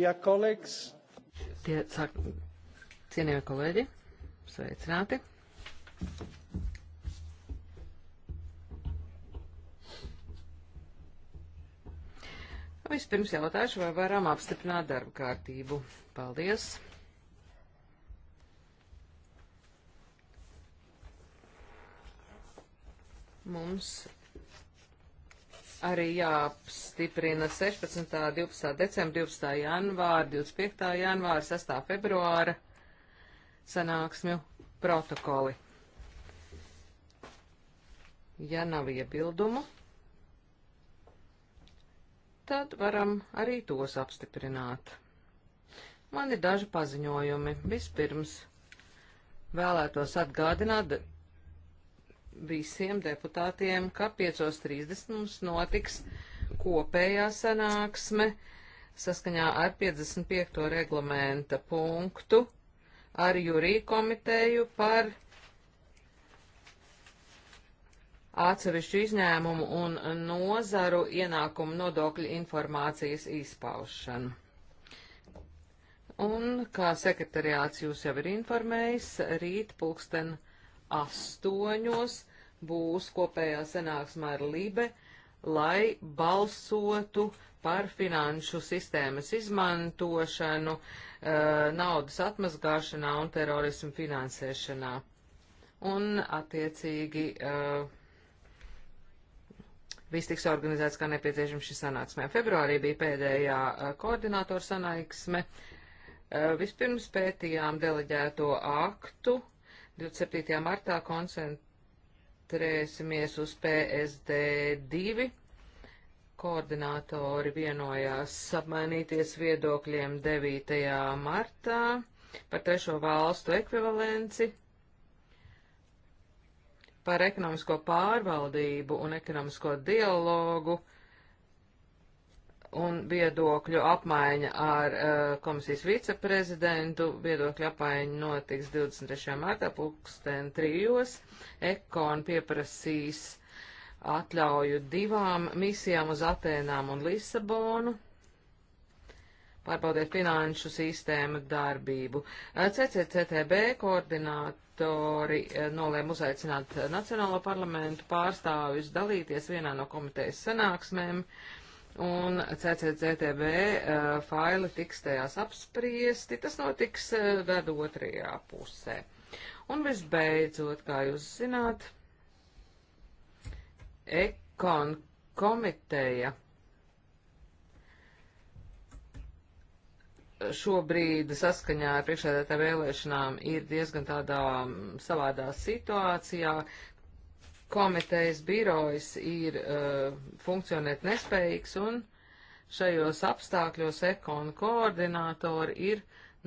Dear colleagues. Tie sāk, cienījamie kolēģi, sveicināti. Vispirms jautāšu, vai varam apstiprināt darba kārtību. Paldies. Mums arī jāapstiprina 16., 12. decembra, 12. janvāra, 25. janvāra, 6. februāra sanāksmju protokoli. Ja nav iebildumu, tad varam arī tos apstiprināt. Man ir daži paziņojumi. Vispirms vēlētos atgādināt visiem deputātiem, ka 5.30 mums notiks kopējā sanāksme saskaņā ar 55. reglamenta punktu ar jurī komiteju par atsevišķu izņēmumu un nozaru ienākumu nodokļu informācijas izpaušanu. Un, kā sekretariāts jūs jau ir informējis, rīt pulksten 11.00 astoņos būs kopējā sanāksmē ar Libe, lai balsotu par finanšu sistēmas izmantošanu, e, naudas atmazgāšanā un terorismu finansēšanā. Un attiecīgi e, viss tiks organizēts, kā nepieciešams šī sanāksmē. Februārī bija pēdējā eh, koordinātora sanāksme. E, vispirms pētījām deleģēto aktu 27. martā koncentrēsimies uz PSD2. Koordinātori vienojās apmainīties viedokļiem 9. martā par trešo valstu ekvivalenci, par ekonomisko pārvaldību un ekonomisko dialogu un viedokļu apmaiņa ar uh, komisijas viceprezidentu. Viedokļu apmaiņa notiks 23. martā pulksten trijos. Ekon pieprasīs atļauju divām misijām uz Atēnām un Lisabonu pārbaudēt finanšu sistēmu darbību. Eh, CCCTB koordinātori eh, nolēma uzaicināt Nacionālo parlamentu pārstāvjus dalīties vienā no komitejas sanāksmēm. Uh, un CCCTB uh, eh, faili tiks tajās apspriesti. Tas notiks uh, eh, gada otrajā pusē. Un visbeidzot, kā jūs zināt, Ekon komiteja šobrīd saskaņā ar priekšsēdētā vēlēšanām ir diezgan tādā mm, savādā situācijā, komitejas birojas ir uh, funkcionēt nespējīgs, un šajos apstākļos ekonu koordinātori ir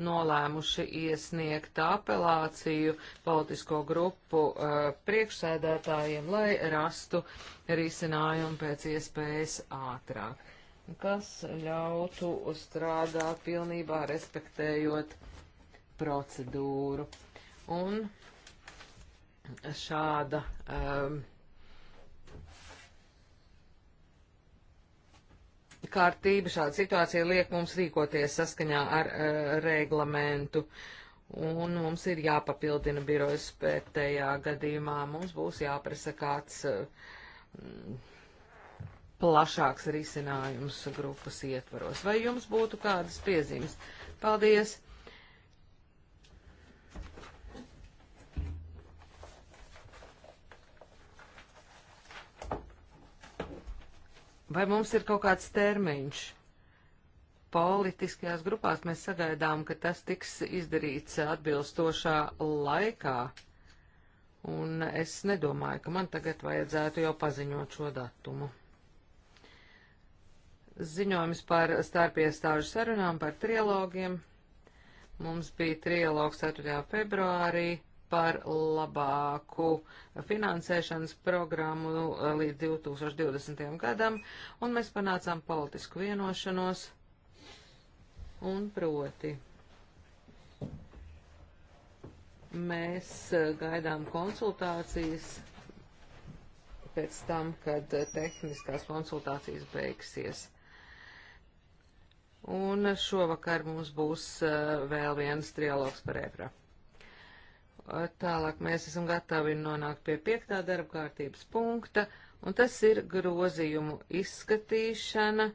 nolēmuši iesniegt apelāciju politisko grupu uh, priekšsēdētājiem, lai rastu risinājumu pēc iespējas ātrāk, kas ļautu strādāt pilnībā respektējot procedūru. Un šāda um, kārtība, šāda situācija liek mums rīkoties saskaņā ar uh, reglamentu. Un mums ir jāpapildina birojas pētējā gadījumā. Mums būs jāprasa kāds uh, plašāks risinājums grupas ietvaros. Vai jums būtu kādas piezīmes? Paldies! Vai mums ir kaut kāds termiņš? Politiskajās grupās mēs sagaidām, ka tas tiks izdarīts atbilstošā laikā. Un es nedomāju, ka man tagad vajadzētu jau paziņot šo datumu ziņojums par starpiestāžu sarunām par trilogiem. Mums bija trilogs 4. februārī, par labāku finansēšanas programmu uh, līdz 2020. gadam, un mēs panācām politisku vienošanos, un proti mēs uh, gaidām konsultācijas pēc tam, kad uh, tehniskās konsultācijas beigsies. Un šovakar mums būs vēl viens trialogs par EPRAP. Tālāk mēs esam gatavi nonākt pie piektā darba kārtības punkta, un tas ir grozījumu izskatīšana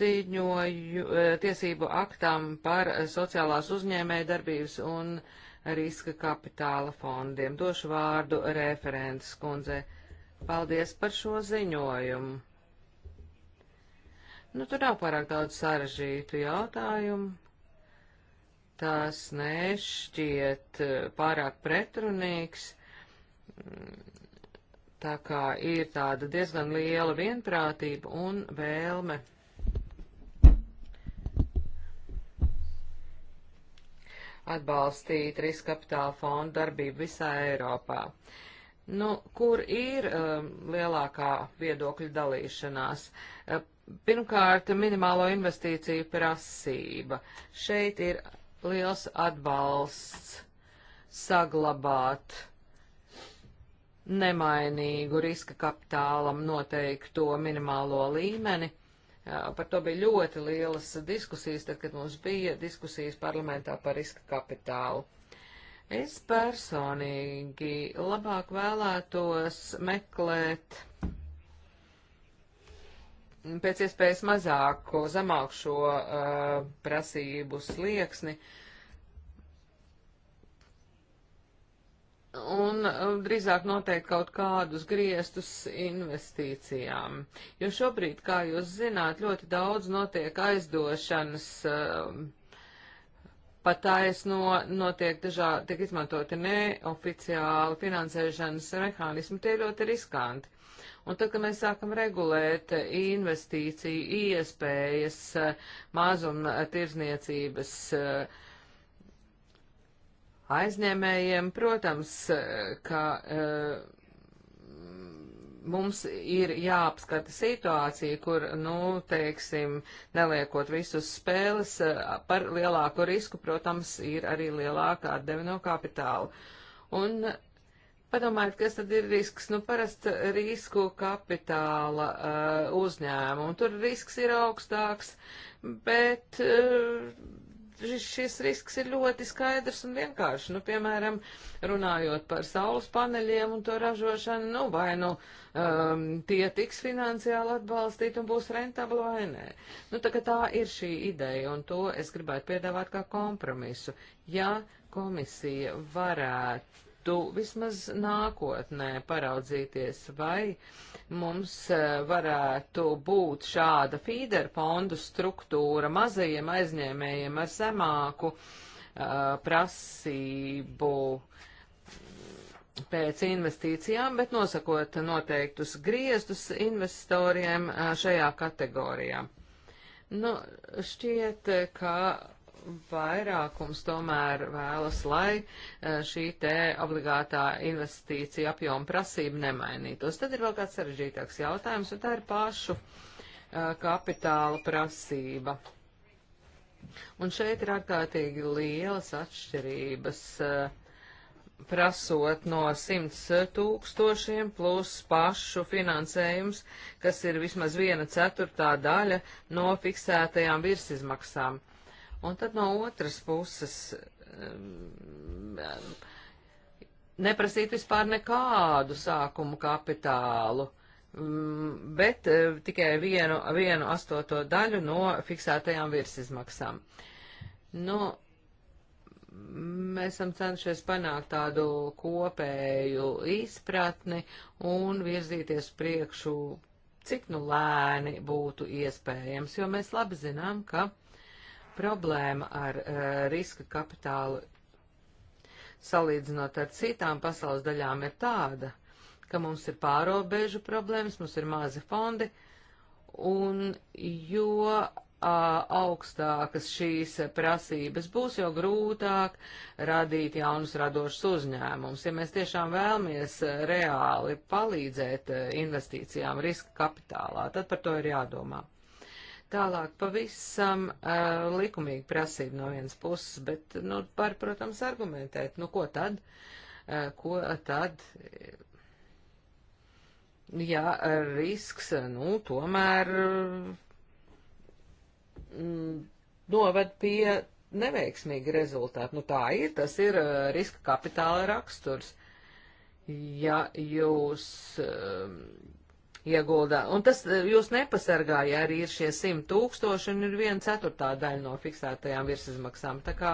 ziņoju tiesību aktām par sociālās uzņēmēja darbības un riska kapitāla fondiem. Došu vārdu referents kundzei. Paldies par šo ziņojumu. Nu, tur nav pārāk daudz sarežģītu jautājumu tas nešķiet eh, pārāk pretrunīgs, tā kā ir tāda diezgan liela vienprātība un vēlme. atbalstīt riska kapitāla fondu darbību visā Eiropā. Nu, kur ir um, lielākā viedokļa dalīšanās? Eh, pirmkārt, minimālo investīciju prasība. Šeit ir liels atbalsts saglabāt nemainīgu riska kapitālam noteikto minimālo līmeni. Par to bija ļoti lielas diskusijas, tad, kad mums bija diskusijas parlamentā par riska kapitālu. Es personīgi labāk vēlētos meklēt pēc iespējas mazāko, zemāk šo uh, prasību slieksni. Un uh, drīzāk noteikt kaut kādus griestus investīcijām. Jo šobrīd, kā jūs zināt, ļoti daudz notiek aizdošanas, uh, pataisno notiek dažādi, tiek izmantoti neoficiāli finansēšanas mehānismi, tie ļoti riskanti. Un tad, kad mēs sākam regulēt eh, investīciju iespējas eh, mazuma eh, tirzniecības aizņēmējiem, protams, ka mums ir jāapskata situācija, kur, nu, teiksim, neliekot visus spēles, par lielāku risku, protams, ir arī lielāka atdeve no kapitāla. Un Padomājiet, kas tad ir risks? Nu, parasti risku kapitāla uh, uzņēmumu. Tur risks ir augstāks, bet uh, šis risks ir ļoti skaidrs un vienkārši. Nu, piemēram, runājot par saules paneļiem un to ražošanu, nu, vai nu um, tie tiks finansiāli atbalstīti un būs rentabli vai nē. Nu, tā, tā ir šī ideja un to es gribētu piedāvāt kā kompromisu. Ja komisija varētu varētu vismaz nākotnē paraudzīties, vai mums e, varētu būt šāda feeder fondu struktūra mazajiem aizņēmējiem ar zemāku uh, prasību pēc investīcijām, bet nosakot noteiktus griestus investoriem e, šajā kategorijā. Nu, šķiet, ka vairākums tomēr vēlas, lai eh, šī te obligātā investīcija apjoma prasība nemainītos. Tad ir vēl kāds sarežģītāks jautājums, un tā ir pašu eh, kapitāla prasība. Un šeit ir ārkārtīgi lielas atšķirības, eh, prasot no 100 tūkstošiem plus pašu finansējums, kas ir vismaz viena ceturtā daļa no fiksētajām virsizmaksām. Un tad no otras puses um, neprasīt vispār nekādu sākumu kapitālu, um, bet uh, tikai vienu, vienu astoto daļu no fiksētajām virsizmaksām. Nu, mēs esam cenšies panākt tādu kopēju izpratni un virzīties priekšu, cik nu lēni būtu iespējams, jo mēs labi zinām, ka problēma ar uh, riska kapitālu salīdzinot ar citām pasaules daļām ir tāda, ka mums ir pārobežu problēmas, mums ir mazi fondi, un jo uh, augstākas šīs prasības būs, jo grūtāk radīt jaunus radošus uzņēmumus. Ja mēs tiešām vēlamies reāli palīdzēt investīcijām riska kapitālā, tad par to ir jādomā. Tālāk pavisam uh, likumīgi prasība no vienas puses, bet, nu, par, protams, argumentēt, nu, ko tad, uh, ko tad, ja eh, risks, nu, tomēr mm, noved pie neveiksmīga rezultāta. Nu, tā ir, tas ir uh, riska kapitāla raksturs. Ja jūs uh, ieguldā. Un tas eh, jūs nepasargāja arī ir šie 100 tūkstoši un ir viena ceturtā daļa no fiksētajām virsizmaksām. Tā kā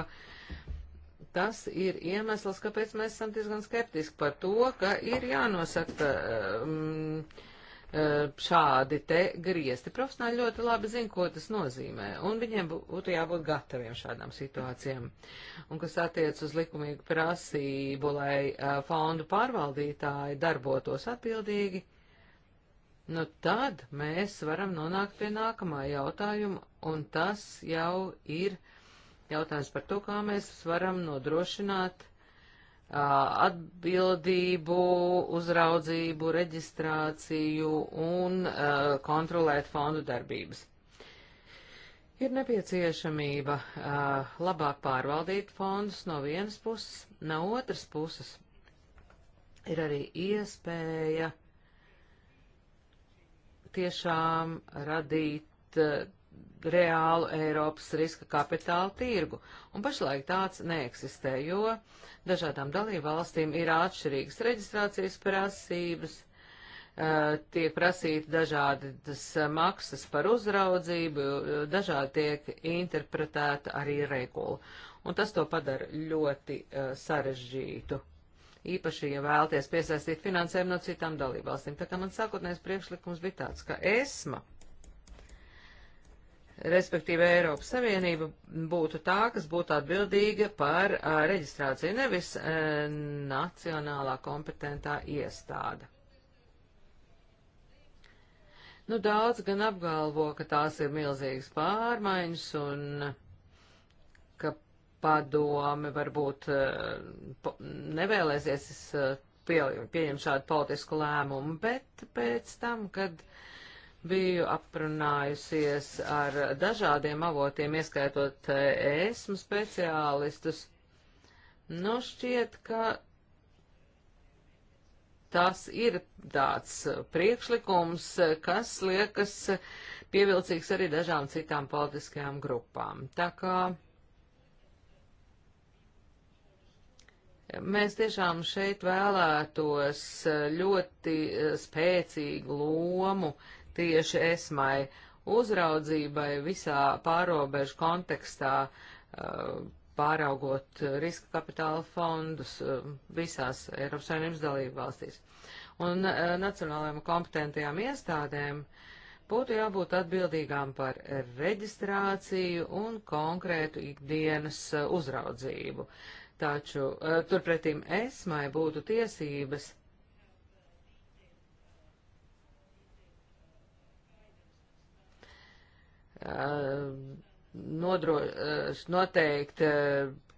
tas ir iemesls, kāpēc mēs esam diezgan skeptiski par to, ka ir jānosaka um, šādi te griesti. Profesionāļi ļoti labi zina, ko tas nozīmē, un viņiem būtu jābūt gataviem šādām situācijām. Un kas attiec uz likumīgu prasību, lai uh, fondu pārvaldītāji darbotos atbildīgi nu tad mēs varam nonākt pie nākamā jautājuma, un tas jau ir jautājums par to, kā mēs varam nodrošināt uh, atbildību, uzraudzību, reģistrāciju un uh, kontrolēt fondu darbības. Ir nepieciešamība uh, labāk pārvaldīt fondus no vienas puses, no otras puses ir arī iespēja uh, tiešām radīt eh, reālu Eiropas riska kapitāla tirgu, un pašlaik tāds neeksistē, jo dažādām dalībvalstīm ir atšķirīgas reģistrācijas prasības, eh, tiek prasīti dažādas eh, maksas par uzraudzību, dažādi tiek interpretēta arī regula, un tas to padara ļoti sarežģītu īpaši, ja vēlaties piesaistīt finansējumu no citām dalībvalstīm. Tā kā man sākotnējais priekšlikums bija tāds, ka ESMA, respektīvi Eiropas Savienība, būtu tā, kas būtu atbildīga par a, reģistrāciju, nevis a, nacionālā kompetentā iestāde. Nu, daudz gan apgalvo, ka tās ir milzīgas pārmaiņas un uh, padome varbūt eh, nevēlēsies eh, pie, pieņemt šādu politisku lēmumu, bet pēc tam, kad biju aprunājusies ar dažādiem avotiem, ieskaitot eh, ESMU speciālistus, nu šķiet, ka tas ir tāds priekšlikums, kas liekas pievilcīgs arī dažām citām politiskajām grupām. Tā kā Mēs tiešām šeit vēlētos e, ļoti e, spēcīgu lomu tieši esmai uzraudzībai visā pārobežu kontekstā, e, pāraugot riska kapitāla fondus visās Eiropas Savienības dalību valstīs. Un nacionālajām kompetentajām iestādēm būtu jābūt atbildīgām par reģistrāciju un konkrētu ikdienas uzraudzību. Uh, Taču e, turpretīm esmai būtu tiesības e, nodro, e, noteikt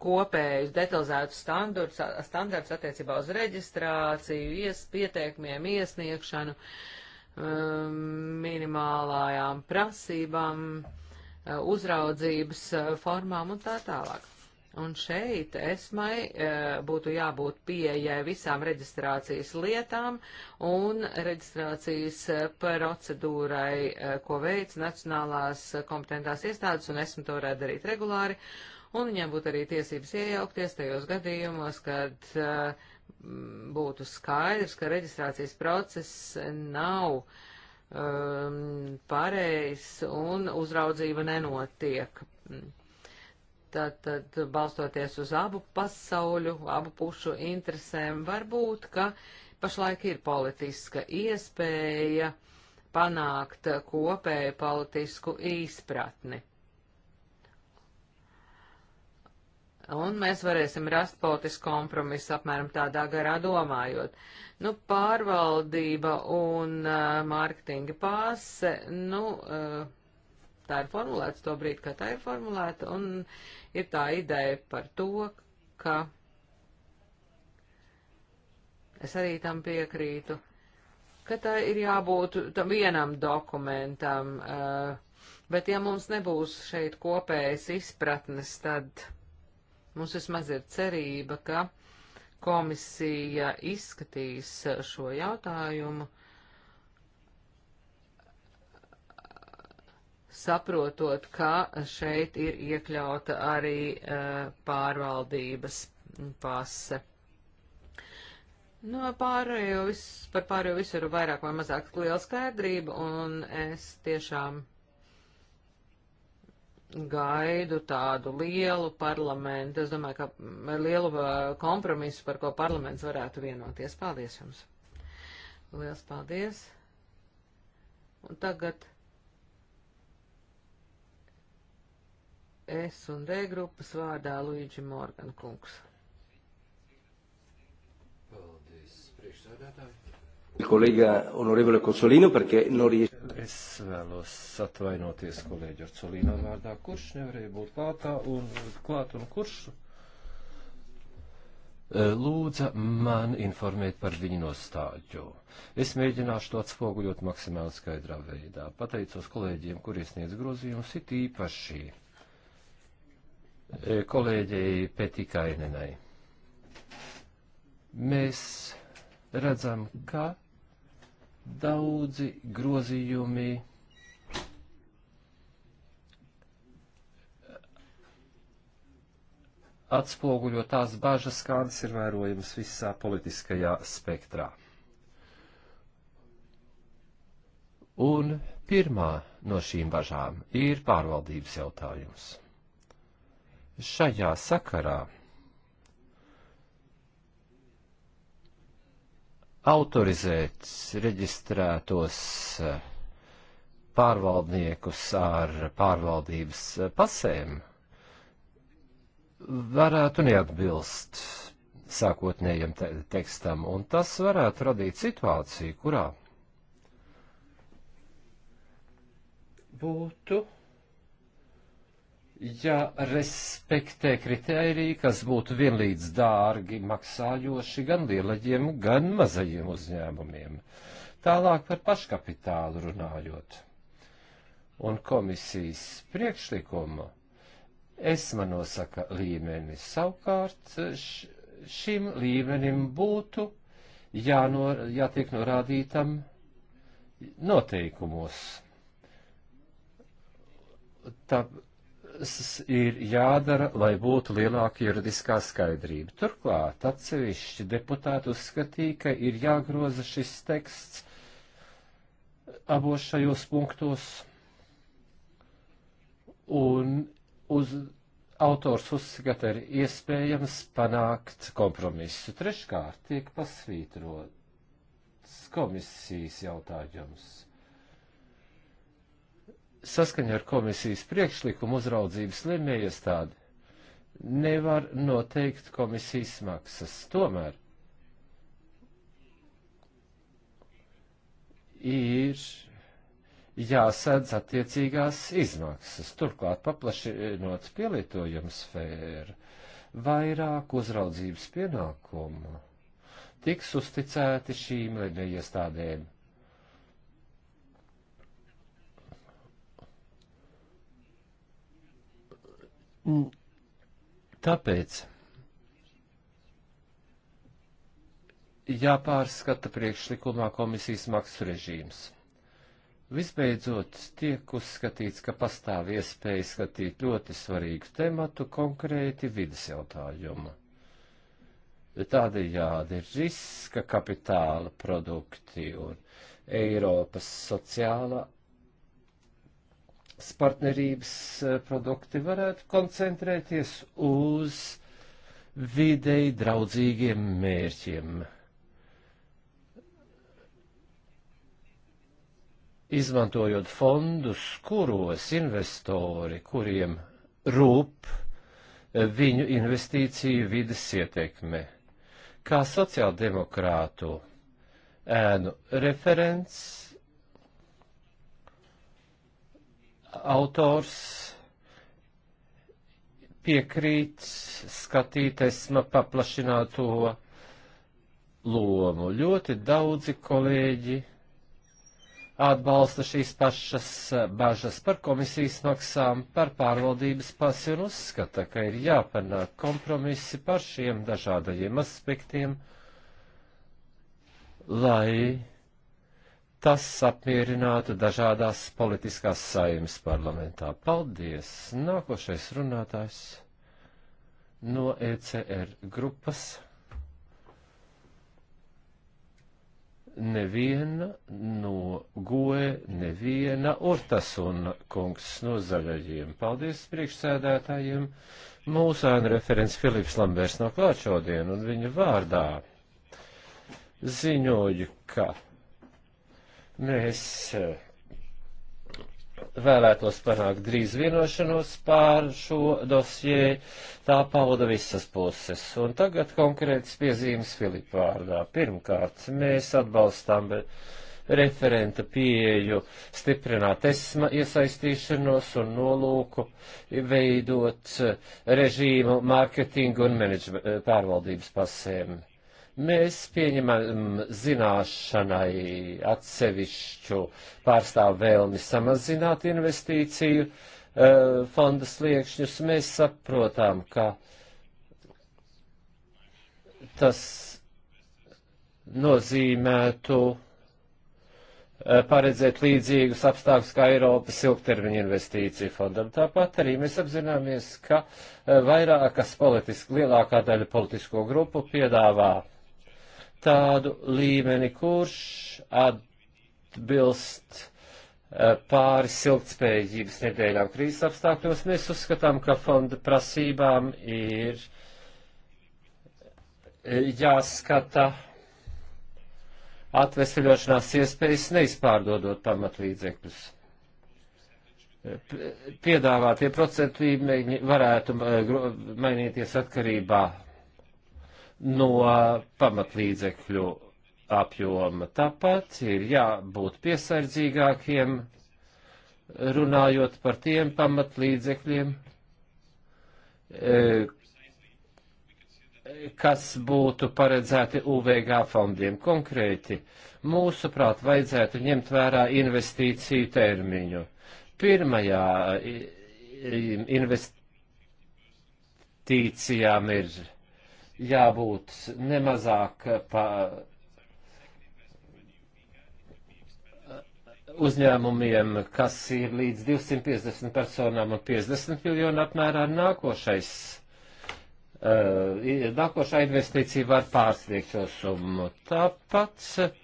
kopējus detalizētus standartus attiecībā uz reģistrāciju, ies, pieteikumiem, iesniegšanu, minimālajām prasībām, uzraudzības formām un tā tālāk. Un šeit esmai e, būtu jābūt pieejai visām reģistrācijas lietām un reģistrācijas eh, procedūrai, e, ko veic Nacionālās kompetentās iestādes, un esmu to varētu darīt regulāri. Un viņiem būtu arī tiesības iejaukties tajos gadījumos, kad e, būtu skaidrs, ka reģistrācijas process nav um, pareizs un uzraudzība nenotiek. Mm Tātad, balstoties uz abu pasauļu, abu pušu interesēm, varbūt, ka pašlaik ir politiska iespēja panākt kopēju politisku izpratni. un mēs varēsim rast politisku kompromisu apmēram tādā garā domājot. Nu, pārvaldība un uh, mārketinga pāse, nu, uh, tā ir formulēts to brīdi, kā tā ir formulēta, un ir tā ideja par to, ka es arī tam piekrītu, ka tā ir jābūt tam vienam dokumentam, eh, bet ja mums nebūs šeit kopējas izpratnes, tad mums vismaz ir cerība, ka komisija izskatīs šo jautājumu saprotot, ka šeit ir iekļauta arī uh, pārvaldības pase. No nu, pārējo vis, par pārējo visu ir vairāk vai mazāk liela skaidrība, un es tiešām gaidu tādu lielu parlamentu, es domāju, ka lielu eh, kompromisu, par ko parlaments varētu vienoties. Paldies jums! Liels paldies! Un tagad S un D grupas vārdā Luīģi Morgan kungs. Paldies, priekšsēdētāji. Kolēģa Honorevole Kosolino, perché non riesce. Es vēlos atvainoties kolēģi Orsolino vārdā, kurš nevarēja būt klātā un klāt un kurš e, lūdza man informēt par viņu nostāju. Es mēģināšu to atspoguļot maksimāli skaidrā veidā. Pateicos kolēģiem, kuri iesniedz grozījumus, it īpaši E, kolēģei Petikainenai. Mēs redzam, ka daudzi grozījumi atspoguļo tās bažas, kādas ir vērojamas visā politiskajā spektrā. Un pirmā no šīm bažām ir pārvaldības jautājums. Šajā sakarā autorizēt reģistrētos eh, pārvaldniekus ar pārvaldības eh, pasēm varētu neatbilst sākotnējam te tekstam, un tas varētu radīt situāciju, kurā būtu jārespektē ja kritēriji, kas būtu vienlīdz dārgi maksājoši gan lielajiem, gan mazajiem uzņēmumiem. Tālāk par paškapitālu runājot un komisijas priekšlikumu esma nosaka līmeni. Savukārt šim līmenim būtu jāno, jātiek norādītam noteikumos. Tā, ir jādara, lai būtu lielāka juridiskā skaidrība. Turklāt atsevišķi deputāti uzskatīja, ka ir jāgroza šis teksts abos šajos punktos, un uz autors uzskata ir iespējams panākt kompromisu. Treškārt tiek pasvītrots komisijas jautājums Saskaņā ar komisijas priekšlikumu uzraudzības lemējiestādi nevar noteikt komisijas maksas. Tomēr ir jāsēdz attiecīgās izmaksas. Turklāt paplašinot pielietojumu sfēru, vairāk uzraudzības pienākumu tiks uzticēti šīm iestādēm. Ja Tāpēc jāpārskata priekšlikumā komisijas maksu režīms. Visbeidzot, tiek uzskatīts, ka pastāv iespēja skatīt ļoti svarīgu tematu, konkrēti vidas jautājumu. Tādējādi ir risks, ka kapitāla produkti un Eiropas sociāla partnerības eh, produkti varētu koncentrēties uz videi draudzīgiem mērķiem. Izmantojot fondus, kuros investori, kuriem rūp eh, viņu investīciju vidas ietekme. Kā sociāldemokrātu ēnu referents autors piekrīt skatīt esma paplašināto lomu. Ļoti daudzi kolēģi atbalsta šīs pašas bažas par komisijas maksām, par pārvaldības pasi un uzskata, ka ir jāpanāk kompromisi par šiem dažādajiem aspektiem, lai tas apmierinātu dažādās politiskās saimas parlamentā. Paldies! Nākošais runātājs no ECR grupas. Neviena no goe, neviena Urtasuna kungs no zaļajiem. Paldies priekšsēdētājiem. Mūsu ēna referents Filips Lambērs nav klāt šodien, un viņa vārdā ziņoju, ka Mēs eh, vēlētos panākt drīz vienošanos pār šo dosie, tā pauda visas puses. Un tagad konkrētas piezīmes Filipa vārdā. Pirmkārt, mēs atbalstām referenta pieeju stiprināt esma iesaistīšanos un nolūku veidot režīmu, mārketingu un pārvaldības pasēm. Mēs pieņemam zināšanai atsevišķu pārstāvu vēlmi samazināt investīciju e, fonda sliekšņus. Mēs saprotam, ka tas nozīmētu e, paredzēt līdzīgus apstākļus kā Eiropas ilgtermiņa investīciju fondam. Tāpat arī mēs apzināmies, ka eh, vairākas politiski, lielākā daļa politisko grupu piedāvā tādu līmeni, kurš atbilst eh, pāris siltspējības nedēļām krīzes apstākļos. Mēs uzskatām, ka fonda prasībām ir eh, jāskata atveseļošanās iespējas neizpārdodot pamatlīdzekļus. Eh, piedāvātie procentu līmeņi varētu mainīties atkarībā no pamatlīdzekļu apjoma. Tāpat ir jābūt piesardzīgākiem, runājot par tiem pamatlīdzekļiem, e, kas būtu paredzēti UVG fondiem konkrēti. Mūsuprāt, vajadzētu ņemt vērā investīciju termiņu. Pirmajā investīcijām ir jābūt nemazāk pa uzņēmumiem, kas ir līdz 250 personām un 50 miljonu apmērā nākošais. Uh, nākošā investīcija var pārsniegt šo summu. Tāpat uh,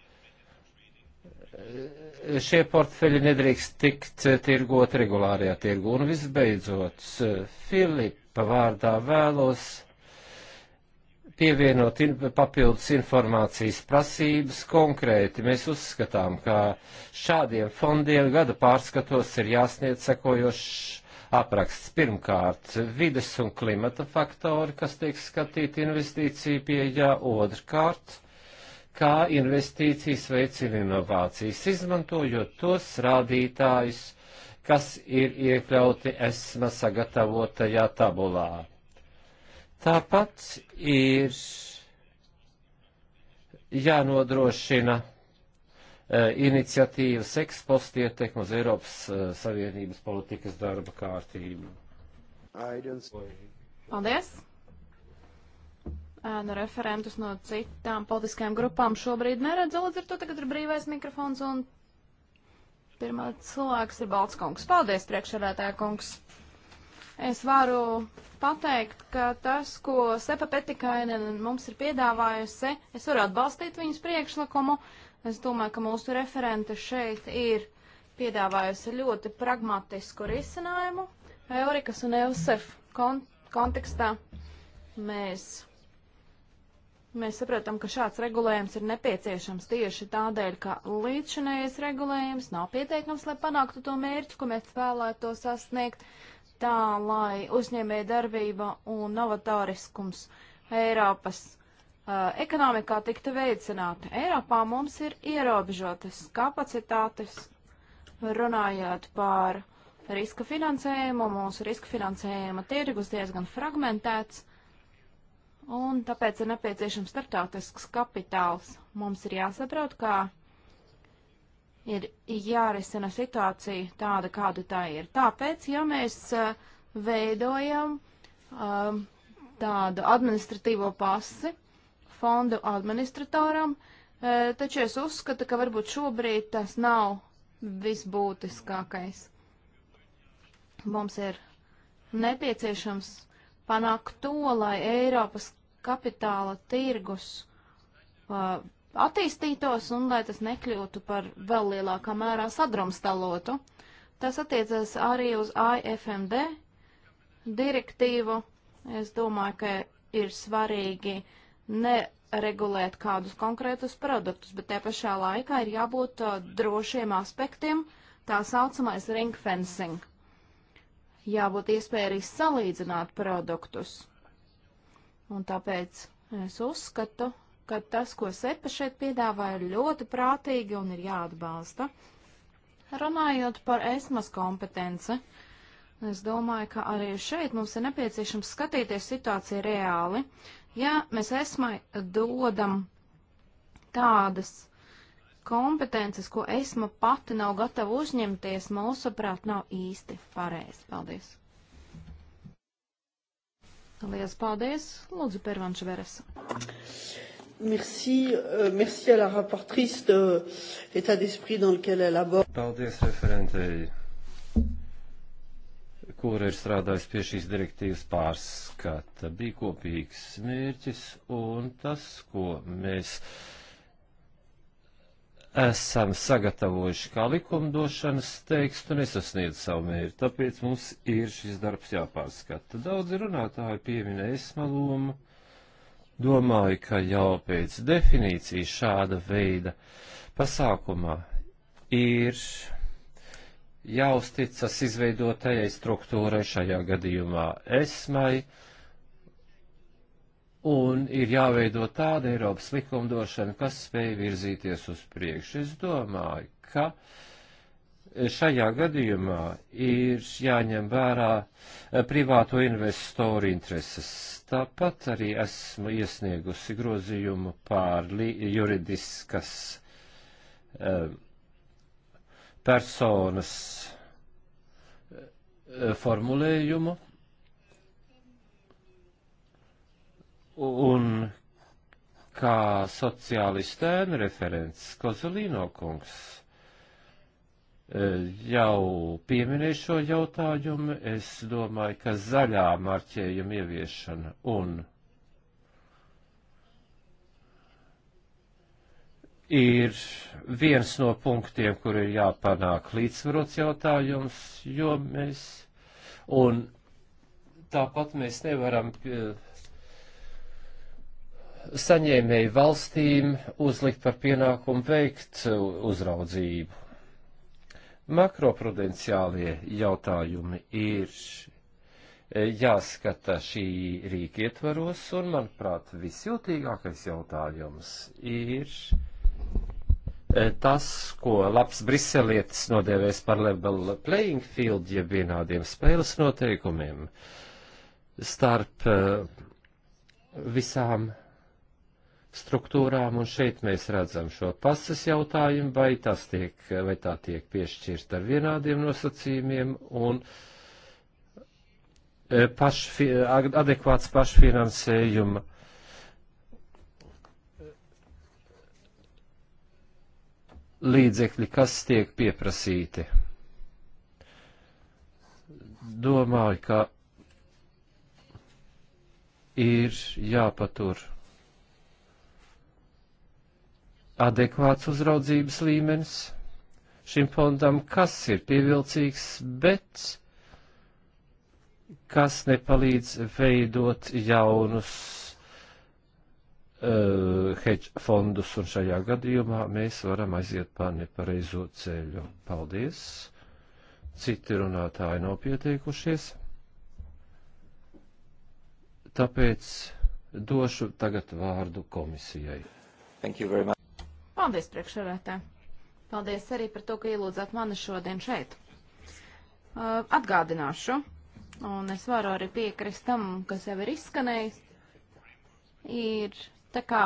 šie portfeļi nedrīkst tikt tirgot regulārajā tirgu. Un visbeidzot, Filipa vārdā vēlos pievienot in, papildus informācijas prasības konkrēti. Mēs uzskatām, ka šādiem fondiem gada pārskatos ir jāsniedz sekojošs apraksts. Pirmkārt, vides un klimata faktori, kas tiek skatīti investīciju pieejā. Otrkārt, kā investīcijas veicina inovācijas, izmantojot tos rādītājus, kas ir iekļauti esma sagatavotajā tabulā Tāpat ir jānodrošina e, iniciatīvas ekspostu ietekmu uz Eiropas e, Savienības politikas darba kārtību. Paldies! Ēnu referentus no citām politiskajām grupām šobrīd neredzu, līdz ar to tagad ir brīvais mikrofons un pirmā cilvēks ir Balts kungs. Paldies, priekšsēdētāja kungs! Es varu pateikt, ka tas, ko Sepa Petikainen mums ir piedāvājusi, es varu atbalstīt viņas priekšlikumu. Es domāju, ka mūsu referente šeit ir piedāvājusi ļoti pragmatisku risinājumu. Eurikas un Eusef kont kontekstā mēs, mēs saprotam, ka šāds regulējums ir nepieciešams tieši tādēļ, ka līdzšanējais regulējums nav pietiekams, lai panāktu to mērķu, ko mēs vēlētos sasniegt. Uh, tā, lai uzņēmē darbība un novatoriskums Eiropas uh, ekonomikā tiktu veicināti. Eiropā mums ir ierobežotas kapacitātes, runājot par riska finansējumu, mūsu riska finansējuma tirgus diezgan fragmentēts, un tāpēc ir nepieciešams startautisks kapitāls. Mums ir jāsaprot, kā ir jārisina situācija tāda, kāda tā ir. Tāpēc, ja mēs uh, veidojam uh, tādu administratīvo pasi fondu administratoram, uh, taču es uzskatu, ka varbūt šobrīd tas nav visbūtiskākais. Mums ir nepieciešams panākt to, lai Eiropas kapitāla tirgus attīstītos un lai tas nekļūtu par vēl lielākā mērā sadrumstalotu. Tas attiecas arī uz IFMD direktīvu. Es domāju, ka ir svarīgi neregulēt kādus konkrētus produktus, bet te pašā laikā ir jābūt uh, drošiem aspektiem, tā saucamais ring fencing. Jābūt iespēja arī salīdzināt produktus. Un tāpēc es uzskatu, ka tas, ko Sepa šeit piedāvā, ir ļoti prātīgi un ir jāatbalsta. Runājot par esmas kompetenci, es domāju, ka arī šeit mums ir nepieciešams skatīties situāciju reāli. Ja mēs esmai dodam tādas kompetences, ko esma pati nav gatava uzņemties, mūsuprāt, nav īsti pareizi. Paldies! Lielas paldies! Lūdzu, Pervanša Veresa! Merci, euh, merci à la rapportrice de l'état d'esprit dans lequel elle aborde. Paldies referentei, kura ir strādājusi pie šīs direktīvas pārskata. Bija kopīgs mērķis un tas, ko mēs esam sagatavojuši kā likumdošanas tekstu nesasniedz savu mērķi, tāpēc mums ir šis darbs jāpārskata. Daudzi runātāji pieminēja esmalomu. Domāju, ka jau pēc definīcijas šāda veida pasākumā ir jāuzticas izveidotajai struktūrai šajā gadījumā esmai, un ir jāveido tāda Eiropas likumdošana, kas spēj virzīties uz priekšu. Es domāju, ka uh, šajā gadījumā ir jāņem vērā eh, privāto investoru intereses. Tāpat arī esmu iesniegusi grozījumu pār juridiskas um, personas eh, formulējumu un kā sociālistēnu referents Kozolīno kungs Eh, jau pieminēju šo jautājumu. Es domāju, ka zaļā marķējuma ieviešana un ir viens no punktiem, kur ir jāpanāk līdzsvarots jautājums, jo mēs, un tāpat mēs nevaram eh, saņēmēju valstīm uzlikt par pienākumu veikt uzraudzību. Makroprudenciālie jautājumi ir jāskata šī rīka ietvaros, un, manuprāt, visjūtīgākais jautājums ir e, tas, ko labs briselietis nodēvēs par level playing field, jeb vienādiem spēles noteikumiem starp e, visām struktūrām, un šeit mēs redzam šo pasas jautājumu, vai, tas tiek, vai tā tiek piešķirta ar vienādiem nosacījumiem, un e, pašfi, adekvāts pašfinansējuma. Līdzekļi, kas tiek pieprasīti. Domāju, ka ir jāpatur adekvāts uzraudzības līmenis šim fondam, kas ir pievilcīgs, bet kas nepalīdz veidot jaunus uh, hedge fondus, un šajā gadījumā mēs varam aiziet pa nepareizo ceļu. Paldies! Citi runātāji nav pieteikušies, tāpēc došu tagad vārdu komisijai. Thank you very much. Paldies, priekšsēdētā. Paldies arī par to, ka ielūdzāt mani šodien šeit. Uh, atgādināšu, un es varu arī piekrist tam, kas jau ir izskanējis, ir tā kā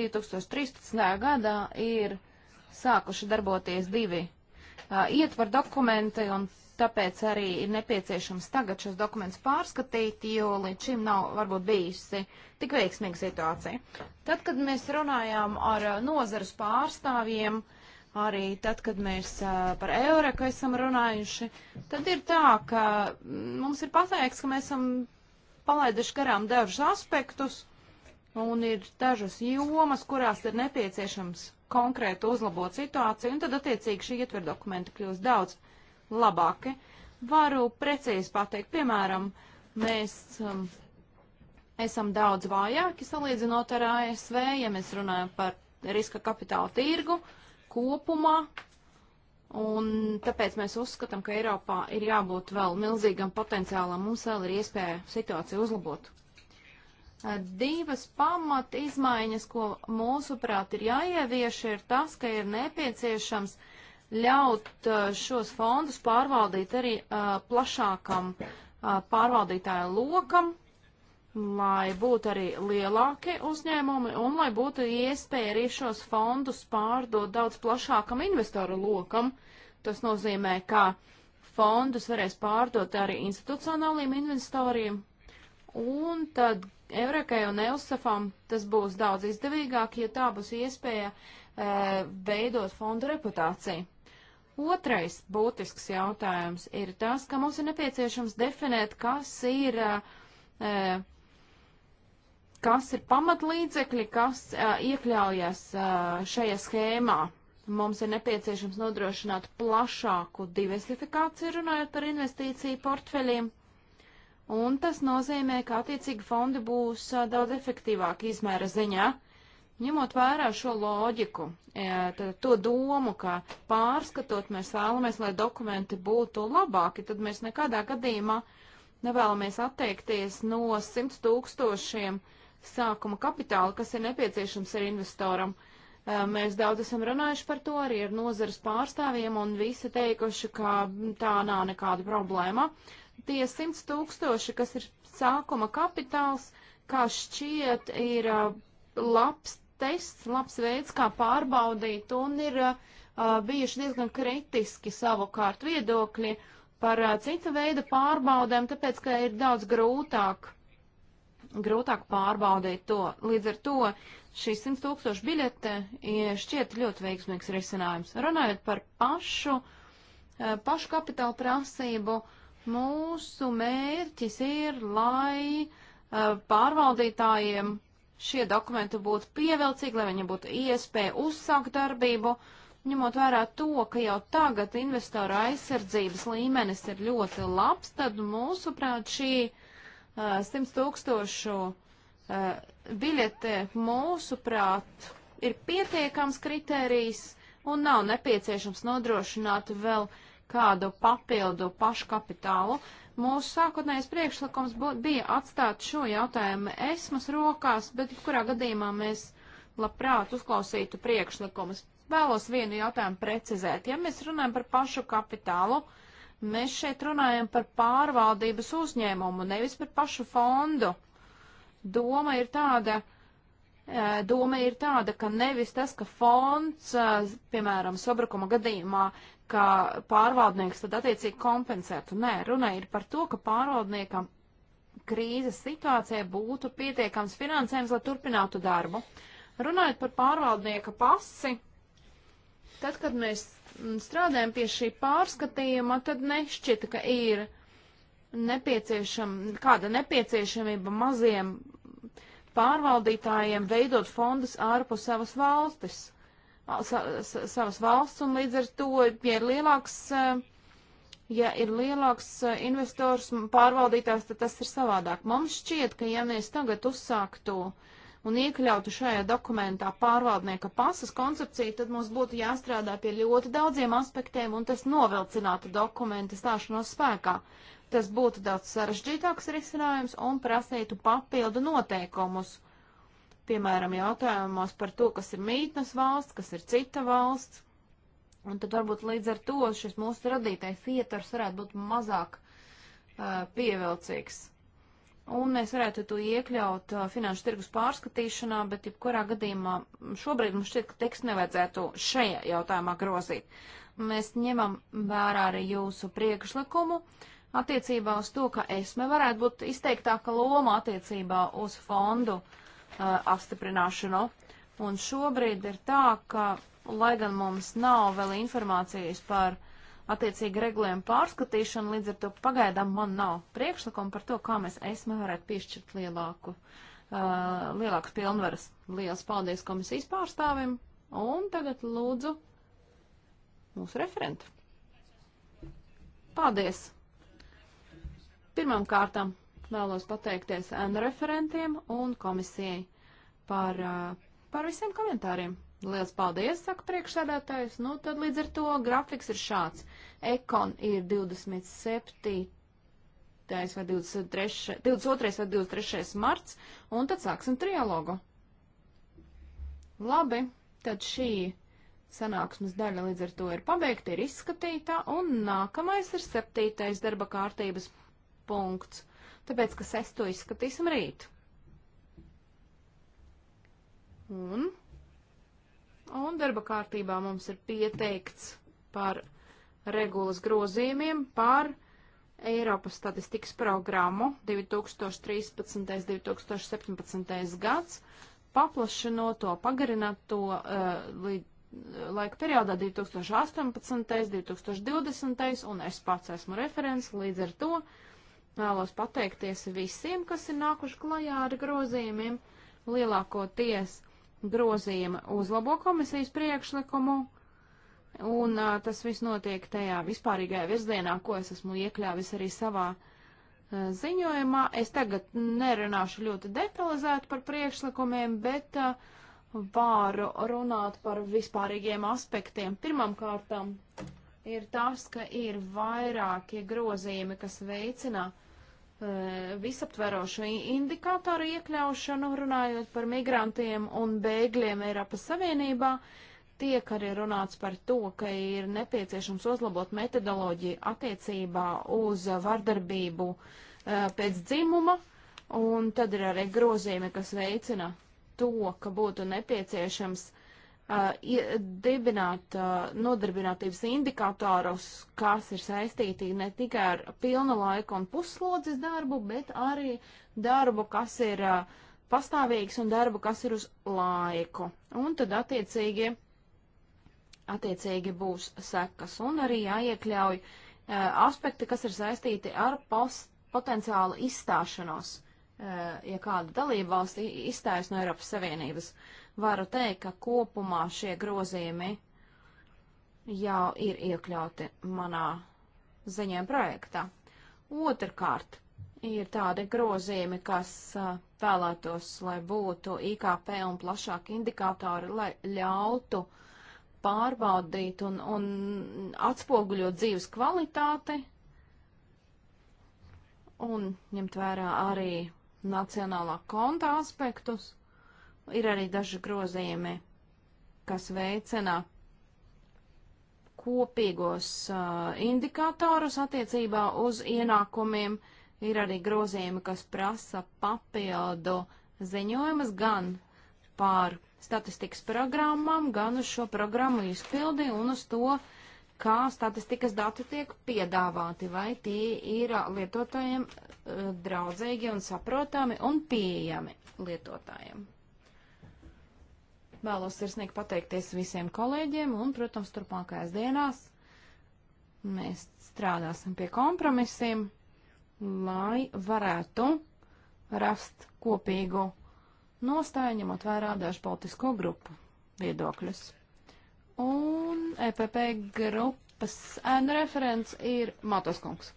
2013. gadā ir sākuši darboties divi uh, ietvar dokumenti un Tāpēc arī ir nepieciešams tagad šos dokumentus pārskatīt, jo līdz šim nav varbūt bijusi tik veiksmīga situācija. Tad, kad mēs runājām ar uh, nozares pārstāvjiem, arī tad, kad mēs uh, par Eureku esam runājuši, tad ir tā, ka mm, mums ir pateikts, ka mēs esam palaiduši garām dažus aspektus un ir dažas jomas, kurās ir nepieciešams konkrēti uzlabot situāciju, un tad attiecīgi šī ietver dokumenta kļūst daudz labāki. Varu precīzi pateikt, piemēram, mēs um, esam daudz vājāki salīdzinot ar ASV, ja mēs runājam par riska kapitāla tirgu kopumā. Un tāpēc mēs uzskatām, ka Eiropā ir jābūt vēl milzīgam potenciālam, mums vēl ir iespēja situāciju uzlabot. Divas pamata izmaiņas, ko mūsuprāt ir jāievieš, ir tas, ka ir nepieciešams uh, ļaut šos fondus pārvaldīt arī plašākam pārvaldītāju lokam, lai būtu arī lielākie uzņēmumi un lai būtu iespēja arī šos fondus pārdot daudz plašākam investoru lokam. Tas nozīmē, ka fondus varēs pārdot arī institucionāliem investoriem, un tad Eurekai un Eusafam tas būs daudz izdevīgāk, ja tā būs iespēja e, veidot fondu reputāciju. Otrais būtisks jautājums ir tas, ka mums ir nepieciešams definēt, kas ir, eh, eh, kas ir pamatlīdzekļi, kas eh, iekļaujas šajā schēmā. Mums ir nepieciešams nodrošināt plašāku diversifikāciju runājot par investīciju portfeļiem. Un tas nozīmē, ka attiecīgi fondi būs daudz efektīvāki izmēra ziņā. Ja? Ņemot vērā šo loģiku, e, to domu, ka pārskatot mēs vēlamies, lai dokumenti būtu labāki, tad mēs nekādā gadījumā nevēlamies atteikties no 100 tūkstošiem sākuma kapitāla, kas ir nepieciešams ar investoram. E, mēs daudz esam runājuši par to arī ar nozares pārstāvjiem un visi teikuši, ka tā nav nekāda problēma. Tie 100 tūkstoši, kas ir sākuma kapitāls, kā šķiet, ir e, labs tests, labs veids, kā pārbaudīt, un ir uh, bijuši diezgan kritiski savukārt viedokļi par uh, cita veida pārbaudēm, tāpēc, ka ir daudz grūtāk, grūtāk pārbaudīt to. Līdz ar to šī 100 tūkstoši biļete šķiet ļoti veiksmīgs risinājums. Runājot par pašu, uh, pašu kapitāla prasību, mūsu mērķis ir, lai uh, pārvaldītājiem šie dokumenti būtu pievilcīgi, lai viņiem būtu iespēja uzsākt darbību, ņemot vērā to, ka jau tagad investora aizsardzības līmenis ir ļoti labs, tad mūsuprāt šī uh, 100 tūkstošu uh, biļete mūsuprāt ir pietiekams kritērijs un nav nepieciešams nodrošināt vēl kādu papildu paškapitālu. Uh, Mūsu sākotnējais priekšlikums bija atstāt šo jautājumu esmas rokās, bet kurā gadījumā mēs labprāt uzklausītu priekšlikumus. Vēlos vienu jautājumu precizēt. Ja mēs runājam par pašu kapitālu, mēs šeit runājam par pārvaldības uzņēmumu, nevis par pašu fondu. Doma ir tāda, e, doma ir tāda, ka nevis tas, ka fonds, e, piemēram, sabrukuma gadījumā ka pārvaldnieks tad attiecīgi kompensētu. Nē, runa ir par to, ka pārvaldniekam krīzes situācijā būtu pietiekams finansējums, lai turpinātu darbu. Runājot par pārvaldnieka pasi, tad, kad mēs strādājam pie šī pārskatījuma, tad nešķita, ka ir nepieciešama kāda nepieciešamība maziem pārvaldītājiem veidot fondus ārpus savas valstis sa, sa, savas valsts, un līdz ar to, ja ir lielāks, e, ja ir lielāks e, investors pārvaldītājs, tad tas ir savādāk. Mums šķiet, ka ja mēs tagad uzsāktu un iekļautu šajā dokumentā pārvaldnieka pasas koncepciju, tad mums būtu jāstrādā pie ļoti daudziem aspektiem, un tas novilcinātu dokumenta stāšanos spēkā. Tas būtu daudz sarežģītāks risinājums un prasītu papildu noteikumus piemēram, jautājumos par to, kas ir mītnes valsts, kas ir cita valsts. Un tad varbūt līdz ar to šis mūsu radītais ietvers varētu būt mazāk uh, pievilcīgs. Un mēs varētu to iekļaut uh, finanšu tirgus pārskatīšanā, bet jebkurā gadījumā šobrīd mums šķiet, ka tekstu nevajadzētu šajā jautājumā grozīt. Mēs ņemam vērā arī jūsu priekšlikumu attiecībā uz to, ka esme varētu būt izteiktāka loma attiecībā uz fondu uh, Eh, apstiprināšanu. Un šobrīd ir tā, ka, lai gan mums nav vēl informācijas par attiecīgi regulējumu pārskatīšanu, līdz ar to pagaidām man nav priekšlikumu par to, kā mēs esmu varētu piešķirt lielāku, uh, lielākas pilnvaras. Liels paldies komisijas pārstāvim, un tagad lūdzu mūsu referentu. Paldies! Pirmām kārtām Vēlos pateikties referentiem un komisijai par, par visiem komentāriem. Liels paldies, saka priekšsēdētājs. Nu, tad līdz ar to grafiks ir šāds. Ekon ir 27. vai 23. 22. vai 23. marts, un tad sāksim trialogu. Labi, tad šī sanāksmes daļa līdz ar to ir pabeigta, ir izskatīta, un nākamais ir septītais darba kārtības punkts tāpēc, ka sesto izskatīsim rīt. Un, un darba kārtībā mums ir pieteikts par regulas grozījumiem par Eiropas statistikas programmu 2013-2017 gads, paplašinot to, pagarināt to uh, eh, līdz laika periodā 2018, 2020 un es pats esmu referents, līdz ar to Vēlos pateikties visiem, kas ir nākuši klajā ar grozījumiem. Lielākoties grozījuma uzlabo komisijas priekšlikumu, un uh, tas viss notiek tajā vispārīgajā virzienā, ko es esmu iekļāvis arī savā uh, ziņojumā. Es tagad nerunāšu ļoti detalizēti par priekšlikumiem, bet uh, varu runāt par vispārīgiem aspektiem. Pirmkārt, ir tas, ka ir vairākie grozījumi, kas veicina uh, E, visaptverošu indikātoru iekļaušanu, runājot par migrantiem un bēgļiem Eiropas Savienībā, tiek arī runāts par to, ka ir nepieciešams uzlabot metodoloģiju attiecībā uz vardarbību e, pēc dzimuma, un tad ir arī grozījumi, kas veicina to, ka būtu nepieciešams Uh, dibināt uh, nodarbinātības indikātorus, kas ir saistīti ne tikai ar pilnu laiku un puslodzes darbu, bet arī darbu, kas ir uh, pastāvīgs un darbu, kas ir uz laiku. Un tad attiecīgi, attiecīgi būs sekas un arī jāiekļauj aspekti, kas ir saistīti ar post, potenciālu izstāšanos, ja kāda dalība valsts izstājas no Eiropas Savienības. Uh, varu teikt, ka kopumā šie grozījumi jau ir iekļauti manā ziņojuma projektā. Otrkārt, ir tādi grozījumi, kas vēlētos, lai būtu IKP un plašāki indikātori, lai ļautu pārbaudīt un, un atspoguļot dzīves kvalitāti un ņemt vērā arī nacionālā konta aspektus. Ir arī daži grozījumi, kas veicina kopīgos uh, indikātorus attiecībā uz ienākumiem. Ir arī grozījumi, kas prasa papildu ziņojumus gan pār statistikas programmām, gan uz šo programmu izpildi un uz to, kā statistikas dati tiek piedāvāti, vai tie ir lietotājiem uh, draudzīgi un saprotami un pieejami lietotājiem. Vēlos sirsnīgi pateikties visiem kolēģiem un, protams, turpmākajās dienās mēs strādāsim pie kompromisiem, lai varētu rast kopīgu nostāju, ņemot vērā dažu politisko grupu viedokļus. Un EPP grupas ēnu referents ir Matos Kungs.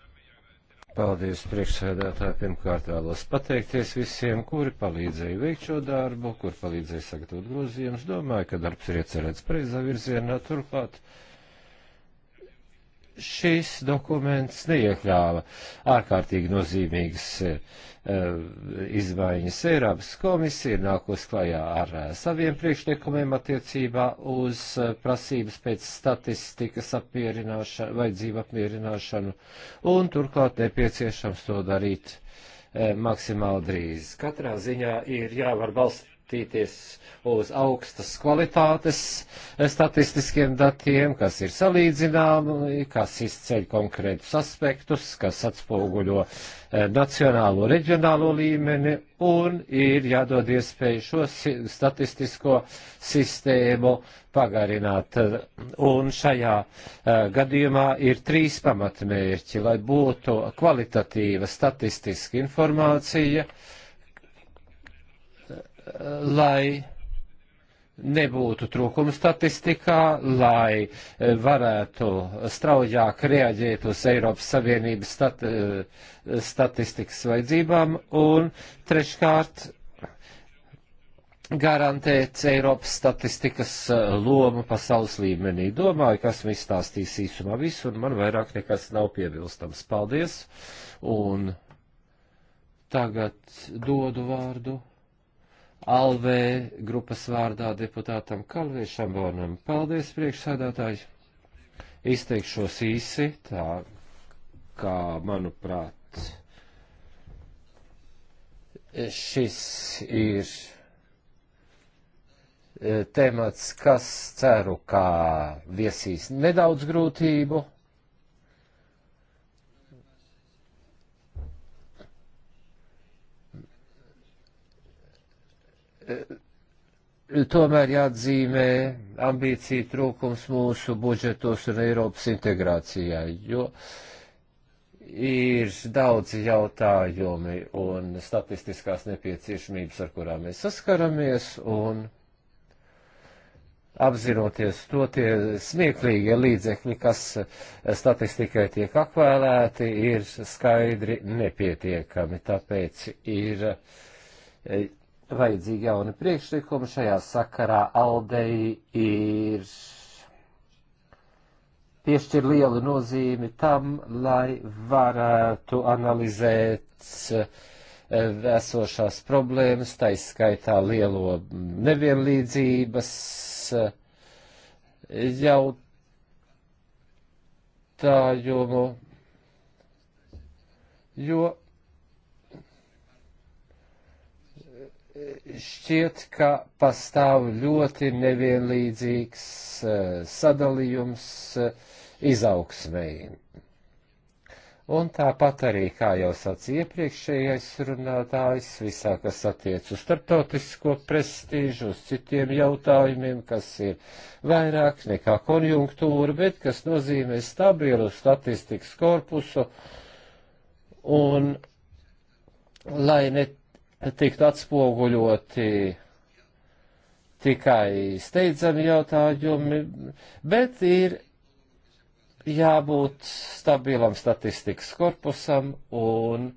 Paldies priekšsēdētāji. Pirmkārt vēlos pateikties visiem, kuri palīdzēja veikt šo darbu, kur palīdzēja sagatavot grozījumus. Domāju, ka darbs ir iecerēts preizā virzienā. Turklāt šis dokuments neiekļāva ārkārtīgi nozīmīgas eh, izmaiņas. Eiropas komisija ir nākos klajā ar eh, saviem priekšlikumiem attiecībā uz eh, prasības pēc statistikas apmierināšanu, vajadzību apmierināšanu, un turklāt nepieciešams to darīt maksimāli drīz. Katrā ziņā ir jāvar balst, skatīties uz augstas kvalitātes statistiskiem datiem, kas ir salīdzināmi, kas izceļ konkrētus aspektus, kas atspoguļo eh, nacionālo, reģionālo līmeni un ir jādod iespēju šo statistisko sistēmu pagarināt. Un šajā eh, gadījumā ir trīs pamatmērķi, lai būtu kvalitatīva statistiska informācija, uh, lai nebūtu trūkuma statistikā, lai e, varētu straujāk reaģēt uz Eiropas Savienības stat e, statistikas vajadzībām un treškārt garantēt Eiropas statistikas e, lomu pasaules līmenī. Domāju, kas man izstāstīs īsumā visu, un man vairāk nekas nav piebilstams. Paldies! Un tagad dodu vārdu. Alvē grupas vārdā deputātam Kalviešam Bonam. Paldies, priekšsēdētāji! Izteikšos īsi, tā kā, manuprāt, šis ir e, temats, kas ceru, kā viesīs nedaudz grūtību Eh, tomēr jāatzīmē ambīcija trūkums mūsu budžetos un Eiropas integrācijā, jo ir daudzi jautājumi un statistiskās nepieciešamības, ar kurām mēs saskaramies, un apzinoties to tie smieklīgie līdzekļi, kas statistikai tiek akvēlēti, ir skaidri nepietiekami, tāpēc ir eh, vajadzīgi jauni priekšlikumi. Šajā sakarā Aldei ir piešķir lielu nozīmi tam, lai varētu analizēt eh, esošās problēmas, taiskaitā lielo nevienlīdzības eh, jautājumu, jo šķiet, ka pastāv ļoti nevienlīdzīgs e, sadalījums e, izaugsmēji. Un tāpat arī, kā jau sacīja iepriekšējais runātājs, visā, kas attiec uz starptautisko prestīžu, uz citiem jautājumiem, kas ir vairāk nekā konjunktūra, bet kas nozīmē stabilu statistikas korpusu, un lai ne tiktu atspoguļoti tikai steidzami jautājumi, bet ir jābūt stabilam statistikas korpusam un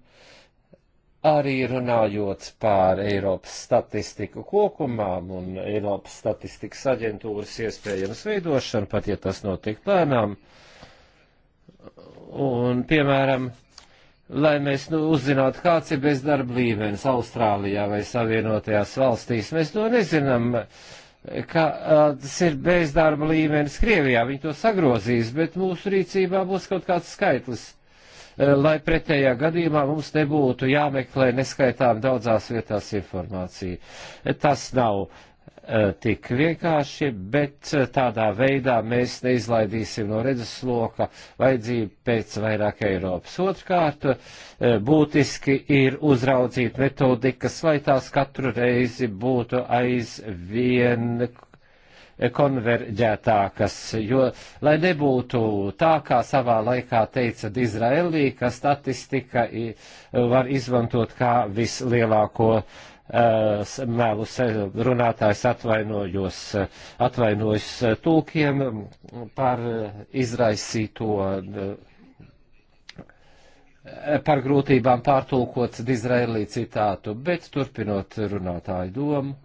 arī runājot pār Eiropas statistiku kokumām un Eiropas statistikas aģentūras iespējams veidošanu, pat ja tas notiek lēnām. Un, piemēram, lai mēs nu, uzzinātu, kāds ir bezdarba līmenis Austrālijā vai Savienotajās valstīs. Mēs to nezinām, kāds ir bezdarba līmenis Krievijā. Viņi to sagrozīs, bet mūsu rīcībā būs kaut kāds skaitlis, lai pretējā gadījumā mums nebūtu jāmeklē neskaitām daudzās vietās informācija. Tas nav Eh, tik vienkārši, bet eh, tādā veidā mēs neizlaidīsim no redzesloka vajadzību pēc vairāk Eiropas. Otrkārt, eh, būtiski ir uzraudzīt metodikas, lai tās katru reizi būtu aizvien konverģētākas, jo, lai nebūtu tā, kā savā laikā teica Dizraelī, ka statistika var izmantot kā vislielāko uh, melu runātājs atvainojos, atvainojas tūkiem par izraisīto, par grūtībām pārtulkot Dizraēlī citātu, bet turpinot runātāju domu,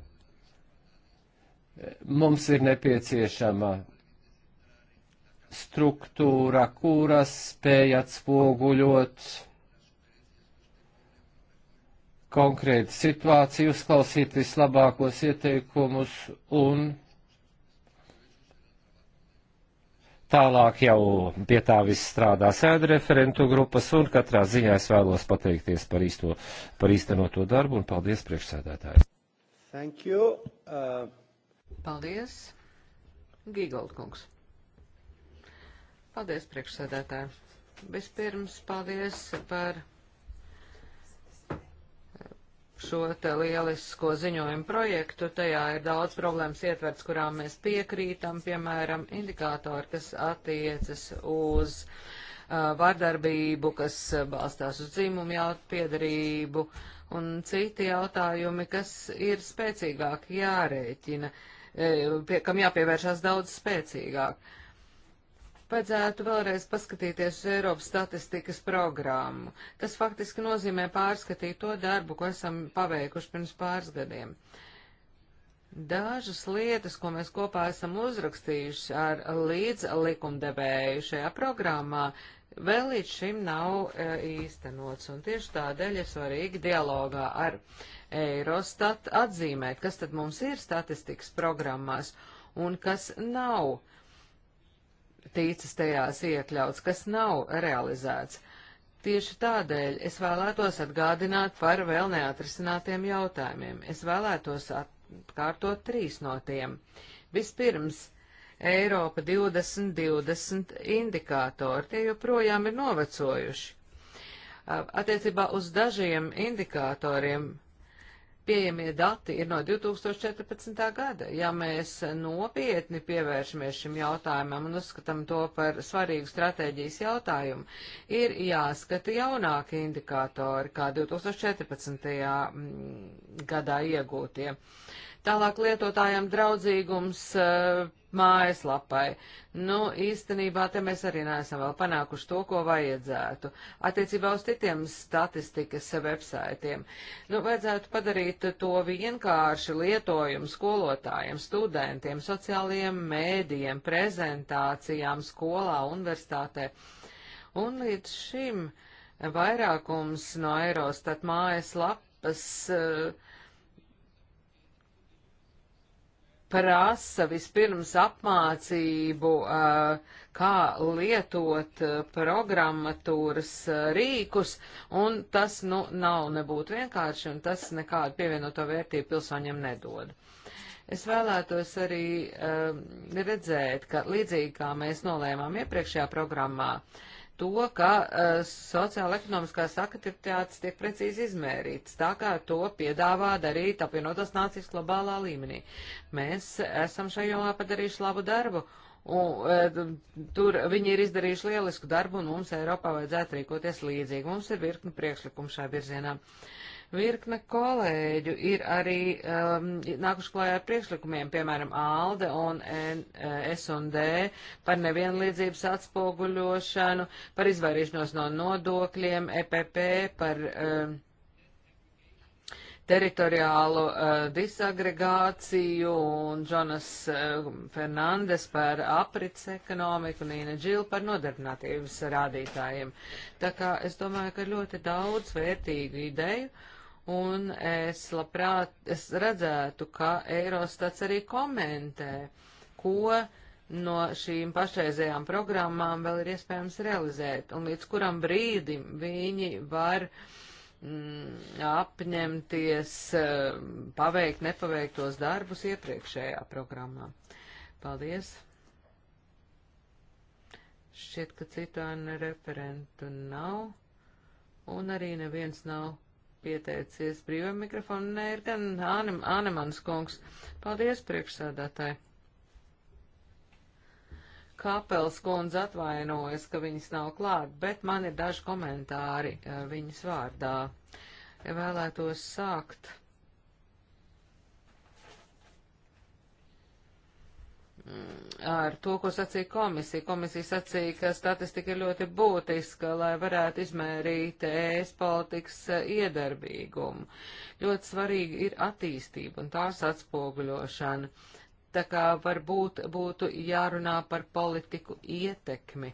mums ir nepieciešama struktūra, kura spēj atspoguļot konkrētu situāciju, uzklausīt vislabākos ieteikumus un tālāk jau pie tā viss strādā sēda referentu grupas un katrā ziņā es vēlos pateikties par, īsto, par īstenoto darbu un paldies priekšsēdētājiem. Thank you. Uh... Paldies. Gīgoldkungs. Paldies priekšsēdētāji. Vispirms paldies par šo te lielisko ziņojumu projektu. Tajā ir daudz problēmas ietverts, kurām mēs piekrītam, piemēram, indikātori, kas attiecas uz uh, vardarbību, kas uh, balstās uz dzimumu jaut piedarību un citi jautājumi, kas ir spēcīgāk jārēķina, uh, pie, kam jāpievēršās daudz spēcīgāk. Vajadzētu vēlreiz paskatīties uz Eiropas statistikas programmu. Tas faktiski nozīmē pārskatīt to darbu, ko esam paveikuši pirms pāris gadiem. Dažas lietas, ko mēs kopā esam uzrakstījuši ar līdzlikumdevēju šajā programmā, vēl līdz šim nav e, īstenots, un tieši tādēļ ir svarīgi dialogā ar Eirostat atzīmēt, kas tad mums ir statistikas programmās un kas nav ticis tajās iekļauts, kas nav realizēts. Tieši tādēļ es vēlētos atgādināt par vēl neatrisinātiem jautājumiem. Es vēlētos atkārtot trīs no tiem. Vispirms, Eiropa 2020 indikātori, tie joprojām ir novecojuši. Attiecībā uz dažiem indikātoriem pieejamie dati ir no 2014. gada. Ja mēs nopietni pievēršamies šim jautājumam un uzskatām to par svarīgu stratēģijas jautājumu, ir jāskata jaunāki indikātori, kā 2014. Mm, gadā iegūtie. Tālāk lietotājiem draudzīgums, eh, mājaslapai. Nu, īstenībā te mēs arī neesam vēl panākuši to, ko vajadzētu. Attiecībā uz citiem statistikas websaitiem. Nu, vajadzētu padarīt to vienkārši lietojumu skolotājiem, studentiem, sociālajiem mēdījiem, prezentācijām skolā, universitātē. Un līdz šim vairākums no Eurostat mājaslapas uh, prasa vispirms apmācību, eh, kā lietot eh, programmatūras eh, rīkus, un tas, nu, nav nebūtu vienkārši, un tas nekādu pievienoto vērtību pilsoņiem nedod. Es vēlētos arī redzēt, ka līdzīgi kā mēs nolēmām iepriekšējā programmā, uh, to, ka uh, sociāla ekonomiskās aktivitātes tiek precīzi izmērītas, tā kā to piedāvā darīt apvienotās nācijas globālā līmenī. Mēs esam šajā jomā padarījuši labu darbu, un uh, tur viņi ir izdarījuši lielisku darbu, un mums Eiropā vajadzētu rīkoties līdzīgi. Mums ir virkni priekšlikumu šā virzienā. Uh, Virkne kolēģu ir arī um, nākuši klājā ar priekšlikumiem, piemēram, ALDE un eh, S&D par nevienlīdzības atspoguļošanu, par izvairīšanos no nodokļiem, EPP par. Um, teritoriālu uh, eh, disagregāciju un Džonas uh, eh, Fernandes par aprits ekonomiku un Nīna Džil par nodarbinātības rādītājiem. Tā kā es domāju, ka ļoti daudz vērtīgu ideju un es labprāt es redzētu, ka Eirostats arī komentē, ko no šīm pašreizējām programmām vēl ir iespējams realizēt, un līdz kuram brīdim viņi var mm, apņemties eh, paveikt nepaveiktos darbus iepriekšējā programmā. Paldies! Šķiet, ka citāna referentu nav, un arī neviens nav pieteicies brīvā mikrofona, nē, ir gan Ānem, Ānemans kungs. Paldies, priekšsēdētāji. Kāpels kundze atvainojas, ka viņas nav klāt, bet man ir daži komentāri eh, viņas vārdā. Ja vēlētos sākt ar to, ko sacīja komisija. Komisija sacīja, ka statistika ir ļoti būtiska, lai varētu izmērīt ēs politikas e, iedarbīgumu. Ļoti svarīgi ir attīstība un tās atspoguļošana. Tā kā varbūt būtu jārunā par politiku ietekmi.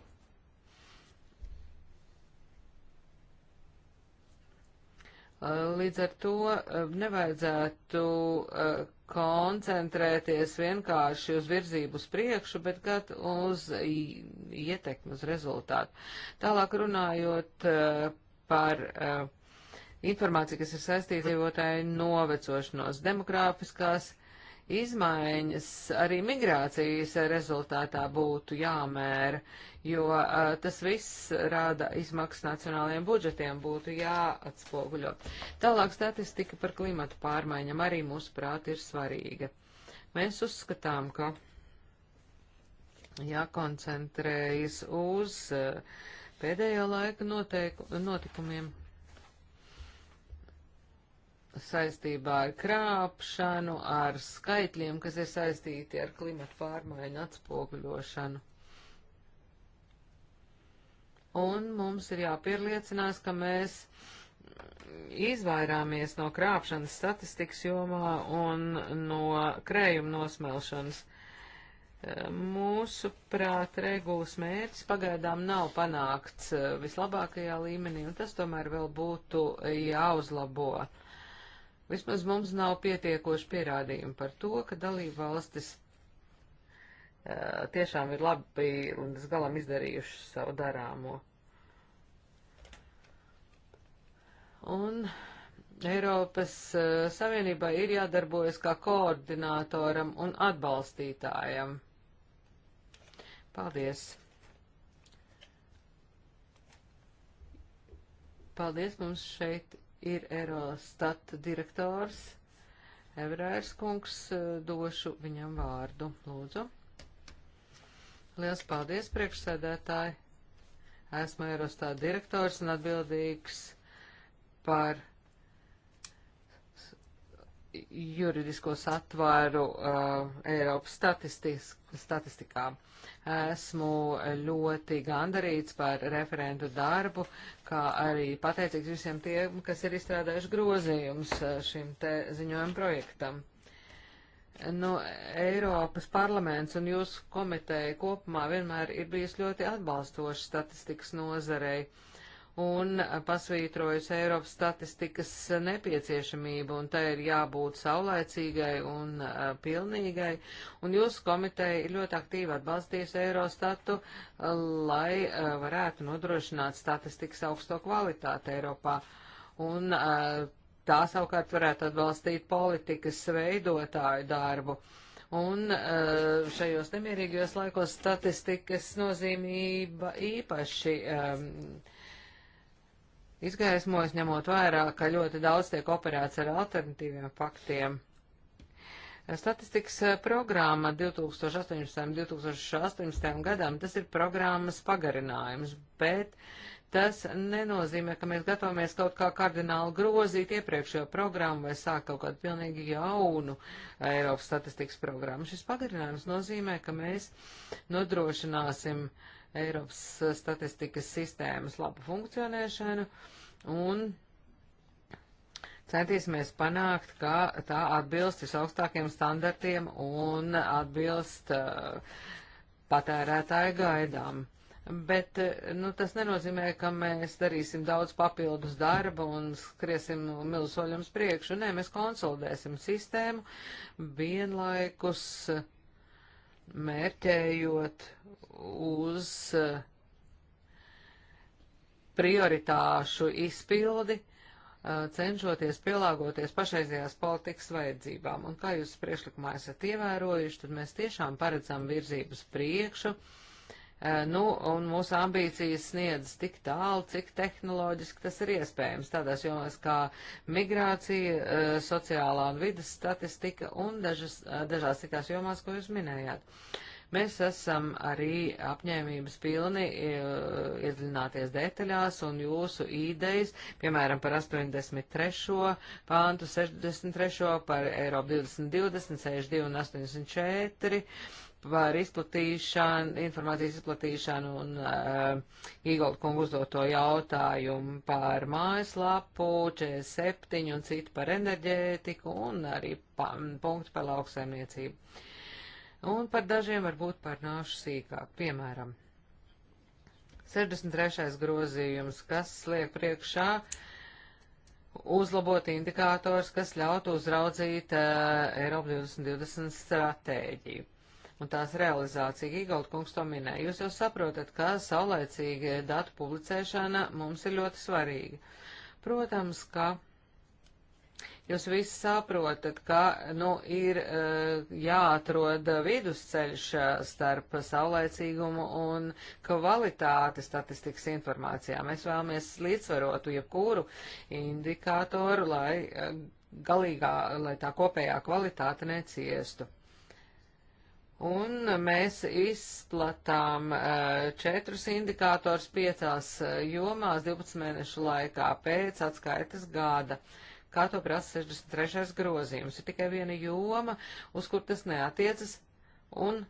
Līdz ar to e, nevajadzētu e, koncentrēties vienkārši uz virzību uz priekšu, bet gan uz ietekmi uz rezultātu. Tālāk runājot eh, par eh, informāciju, kas ir saistīta ar dzīvotāju novecošanos, demogrāfiskās izmaiņas arī migrācijas rezultātā būtu jāmēra, jo uh, tas viss rāda izmaksas nacionālajiem budžetiem, būtu jāatspoguļo. Tālāk statistika par klimatu pārmaiņam arī mūsu prāti ir svarīga. Mēs uzskatām, ka jākoncentrējas uz pēdējo laika noteiku, notikumiem saistībā ar krāpšanu, ar skaitļiem, kas ir saistīti ar klimatu pārmaiņu atspoguļošanu. Un mums ir jāpierliecinās, ka mēs izvairāmies no krāpšanas statistikas jomā un no krējuma nosmelšanas. Mūsu prāt regulas mērķis pagaidām nav panākts eh, vislabākajā līmenī, un tas tomēr vēl būtu jāuzlabo. Ja Vismaz mums nav pietiekoši pierādījumi par to, ka dalība valstis uh, tiešām ir labi un līdz galam izdarījuši savu darāmo. Un Eiropas uh, Savienībā ir jādarbojas kā koordinātoram un atbalstītājam. Paldies! Paldies, mums šeit ir Eurostata direktors Evrērs kungs. Došu viņam vārdu. Lūdzu. Liels paldies, priekšsēdētāji. Esmu Eurostata direktors un atbildīgs par juridisko satvaru uh, Eiropas statistikā. Esmu ļoti gandarīts par referentu darbu, kā arī pateicīgs visiem tiem, kas ir izstrādājuši grozījumus uh, šim te ziņojumu projektam. Nu, Eiropas parlaments un jūsu komiteja kopumā vienmēr ir bijis ļoti atbalstoši statistikas nozarei. Uh, un pasvītrojusi Eiropas statistikas nepieciešamību, un tai ir jābūt saulaicīgai un uh, pilnīgai, un jūsu komiteja ir ļoti aktīvi atbalstījusi Eurostatu, uh, lai uh, varētu nodrošināt statistikas augsto kvalitāti Eiropā. Un, uh, tā savukārt varētu atbalstīt politikas veidotāju darbu. Un uh, šajos nemierīgajos laikos statistikas nozīmība īpaši um, izgaismojis, ņemot vērā, ka ļoti daudz tiek operēts ar alternatīviem faktiem. Statistikas programma 2018. un 2018. gadam tas ir programmas pagarinājums, bet tas nenozīmē, ka mēs gatavamies kaut kā kardināli grozīt iepriekšējo programmu vai sākt kaut kādu pilnīgi jaunu Eiropas statistikas programmu. Šis pagarinājums nozīmē, ka mēs nodrošināsim uh, Eiropas statistikas sistēmas labu funkcionēšanu un centīsimies panākt, ka tā atbilst visaugstākiem standartiem un atbilst uh, patērētāju gaidām. Bet uh, nu, tas nenozīmē, ka mēs darīsim daudz papildus darba un skriesim milzoļums priekšu. Nē, mēs konsolidēsim sistēmu vienlaikus. Uh, mērķējot uz eh, prioritāšu izpildi, eh, cenšoties pielāgoties pašreizējās politikas vajadzībām. Un kā jūs priešlikumā esat ievērojuši, tad mēs tiešām paredzam virzības priekšu. Uh, Eh, nu, un mūsu ambīcijas sniedz tik tālu, cik tehnoloģiski tas ir iespējams, tādās jomās kā migrācija, eh, sociālā un vidas statistika un dažas, eh, dažās citās jomās, ko jūs minējāt. Mēs esam arī apņēmības pilni iedziļināties detaļās un jūsu idejas, piemēram, par 83. pāntu, 63. par Eiropu 2020, 62 un 84 par izplatīšanu, informācijas izplatīšanu un uh, eh, Īgolda kungu uzdoto jautājumu par mājaslapu, 47 un citu par enerģētiku un arī pa, punktu par lauksaimniecību. Un par dažiem varbūt pārnāšu sīkāk. Piemēram, 63. grozījums, kas liek priekšā uzlabot indikātors, kas ļautu uzraudzīt uh, Eiropa 2020 stratēģiju un tās realizācija. Gigaut kungs to minēja. Jūs jau saprotat, ka saulēcīga datu publicēšana mums ir ļoti svarīga. Protams, ka jūs visi saprotat, ka nu, ir eh, jāatrod vidusceļš eh, starp saulēcīgumu un kvalitāti statistikas informācijā. Mēs vēlamies līdzsvarotu jebkuru indikātoru, lai eh, galīgā, lai tā kopējā kvalitāte neciestu. Un mēs izplatām eh, četrus indikātors piecās eh, jomās 12 mēnešu laikā pēc atskaitas gada. Kā to prasa 63. grozījums, ir tikai viena joma, uz kur tas neatiecas, un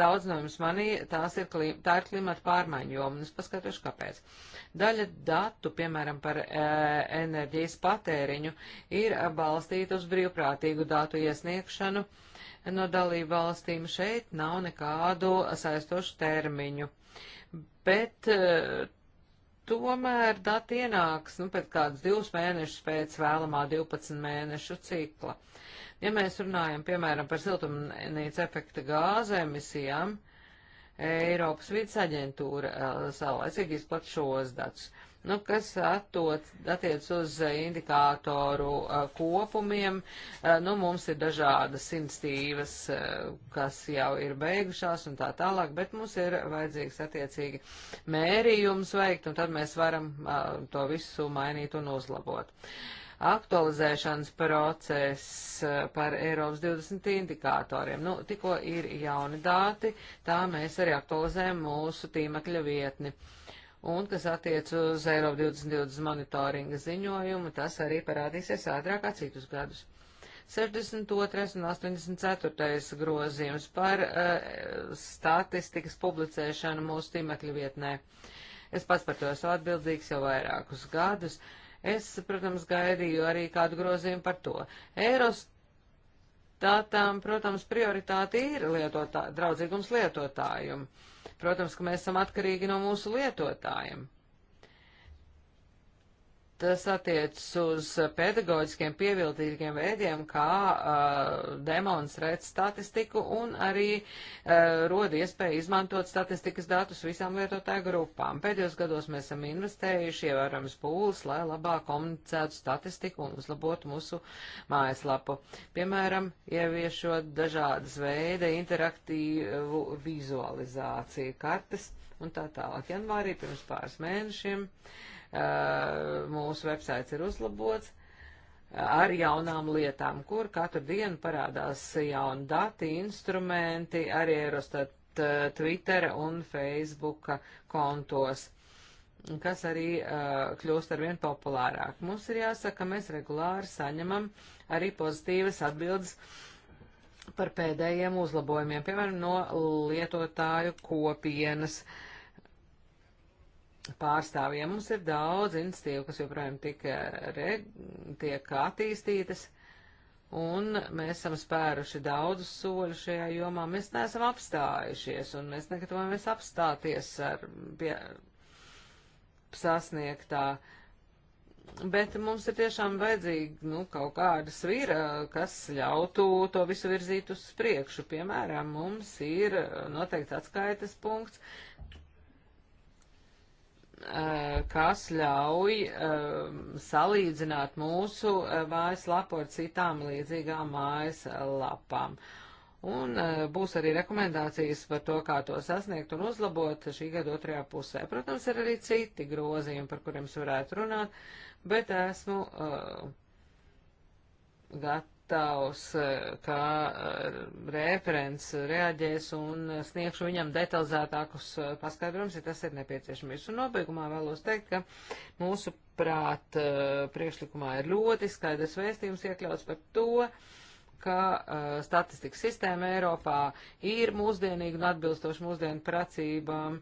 daudz no jums manī tās ir, klim, tā ir klimata pārmaiņu joma, un es paskatīšu, kāpēc. Daļa datu, piemēram, par e, enerģijas patēriņu, ir balstīta uz brīvprātīgu datu iesniegšanu. E, no dalību valstīm. Šeit nav nekādu saistošu termiņu. Bet eh, tomēr dati ienāks nu, pēc kādas divas mēnešus pēc vēlamā 12 mēnešu cikla. Ja mēs runājam, piemēram, par siltumnīca efekta gāze emisijām, Eiropas vidas aģentūra eh, saulēcīgi izplat šos datus. Uh, Nu, kas atot, attiec uz eh, indikātoru eh, kopumiem, eh, nu, mums ir dažādas instīvas, kas jau ir beigušās un tā tālāk, bet mums ir vajadzīgs attiecīgi mērījums veikt, un tad mēs varam to visu mainīt un uzlabot aktualizēšanas process par Eiropas 20 indikatoriem. Nu, tikko ir jauni dati, tā mēs arī aktualizējam mūsu tīmekļa vietni. Uh, Un, kas attiec uz Eiropa 2020 monitoringa ziņojumu, tas arī parādīsies ātrāk kā citus gadus. 62. un 84. grozījums par uh, statistikas publicēšanu mūsu tīmekļu vietnē. Es pats par to esmu atbildīgs jau vairākus gadus. Es, protams, gaidīju arī kādu grozījumu par to. Eirost Tātām, protams, prioritāte ir lietotā, draudzīgums lietotājiem. Uh, Protams, ka mēs esam atkarīgi no mūsu lietotājiem. Tas attiecas uz pedagoģiskiem pievilcīgiem veidiem, kā uh, demonstrēt statistiku un arī uh, rod iespēju izmantot statistikas datus visām lietotāju grupām. Pēdējos gados mēs esam investējuši ievērams pūles, lai labāk komunicētu statistiku un uzlabotu mūsu mājaslapu. Piemēram, ieviešot dažādas veida interaktīvu vizualizāciju kartes un tā tālāk. Janvārī pirms pāris mēnešiem. Uh, Eh, mūsu websites ir uzlabots eh, ar jaunām lietām, kur katru dienu parādās jauni dati, instrumenti, arī Eurostat eh, Twittera un Facebooka kontos kas arī uh, kļūst ar vien populārāk. Mums ir jāsaka, ka mēs regulāri saņemam arī pozitīvas atbildes par pēdējiem uzlabojumiem, piemēram, no lietotāju kopienas. Uh, pārstāvjiem. Mums ir daudz institīvu, kas joprojām tika, re, tiek attīstītas, un mēs esam spēruši daudzus soļus šajā jomā. Mēs neesam apstājušies, un mēs negatavojamies apstāties ar pie, sasniegtā. Bet mums ir tiešām vajadzīga nu, kaut kāda svīra, kas ļautu to visu virzīt uz priekšu. Piemēram, mums ir noteikts atskaites punkts, Eh, kas ļauj eh, salīdzināt mūsu eh, mājaslapu ar citām līdzīgām mājaslapām. Un būs arī rekomendācijas par to, kā to sasniegt un uzlabot šī gada otrajā pusē. Protams, ir arī citi grozījumi, par kuriem es varētu runāt, bet esmu uh, gat, gatavs, eh, kā eh, referents reaģēs un sniegšu viņam detalizētākus eh, paskaidrojumus, ja tas ir nepieciešams. Un nobeigumā vēlos teikt, ka mūsu prāt priekšlikumā ir ļoti skaidrs vēstījums iekļauts par to, ka uh, statistikas sistēma Eiropā ir mūsdienīga un atbilstoša mūsdienu pracībām.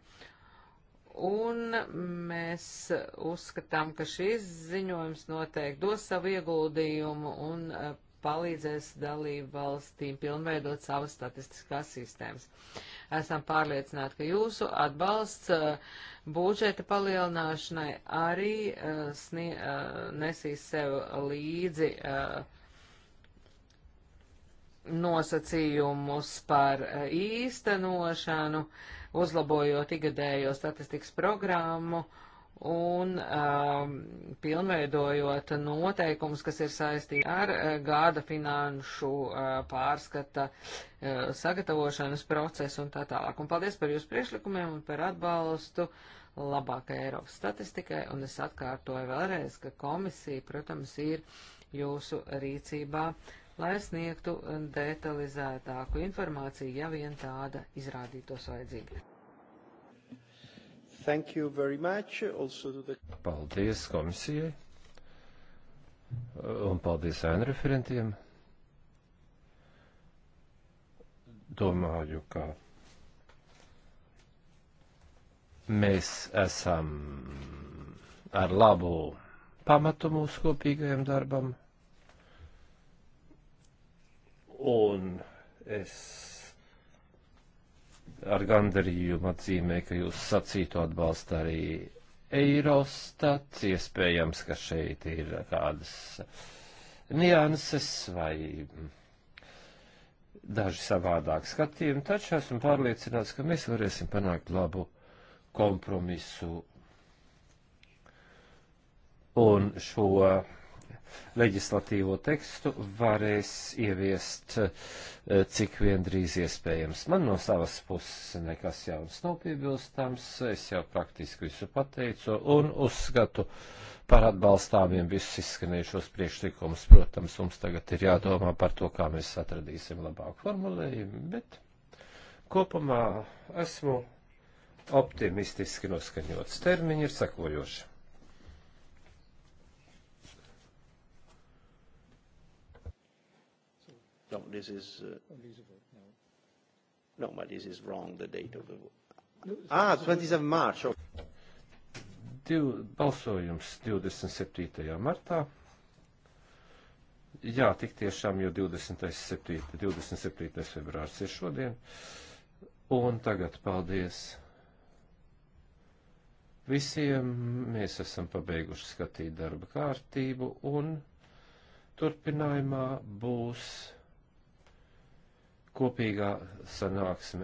Un mēs uzskatām, ka šis ziņojums noteikti dos savu ieguldījumu un uh, palīdzēs dalību valstīm pilnveidot savas statistiskās sistēmas. Esam pārliecināti, ka jūsu atbalsts uh, budžeta palielināšanai arī uh, snie, uh, nesīs sev līdzi uh, nosacījumus par uh, īstenošanu, uzlabojot igadējo statistikas programmu un um, pilnveidojot noteikumus, kas ir saistīti ar uh, gada finanšu uh, pārskata uh, sagatavošanas procesu un tā tālāk. Un paldies par jūsu priekšlikumiem un par atbalstu labākai Eiropas statistikai, un es atkārtoju vēlreiz, ka komisija, protams, ir jūsu rīcībā, lai sniegtu detalizētāku informāciju, ja vien tāda izrādītos vajadzīga. Thank you very much also to the... Paldies komisijai un paldies ēnu referentiem. Domāju, ka mēs esam ar labu pamatu mūsu kopīgajam darbam. Un es ar gandarījumu atzīmē, ka jūs sacītu atbalsta arī Eirostats, iespējams, ka šeit ir kādas nianses vai daži savādāk skatījumi, taču esmu pārliecināts, ka mēs varēsim panākt labu kompromisu un šo leģislatīvo tekstu varēs ieviest eh, cik vien drīz iespējams. Man no savas puses nekas jauns nav piebilstams, es jau praktiski visu pateicu un uzskatu par atbalstāmiem visus izskanējušos priekšlikumus. Protams, mums tagad ir jādomā par to, kā mēs atradīsim labāku formulējumu, bet kopumā esmu optimistiski noskaņots. Termiņi ir sekojoši. No, this is... Uh, no, but this is wrong, the date of the vote. Ah, 27 March. Okay. Div, balsojums 27. martā. Jā, tik tiešām, jo 27. 27. februārs ir šodien. Un tagad paldies visiem. Mēs esam pabeiguši skatīt darba kārtību un turpinājumā būs kopīgā sanāksme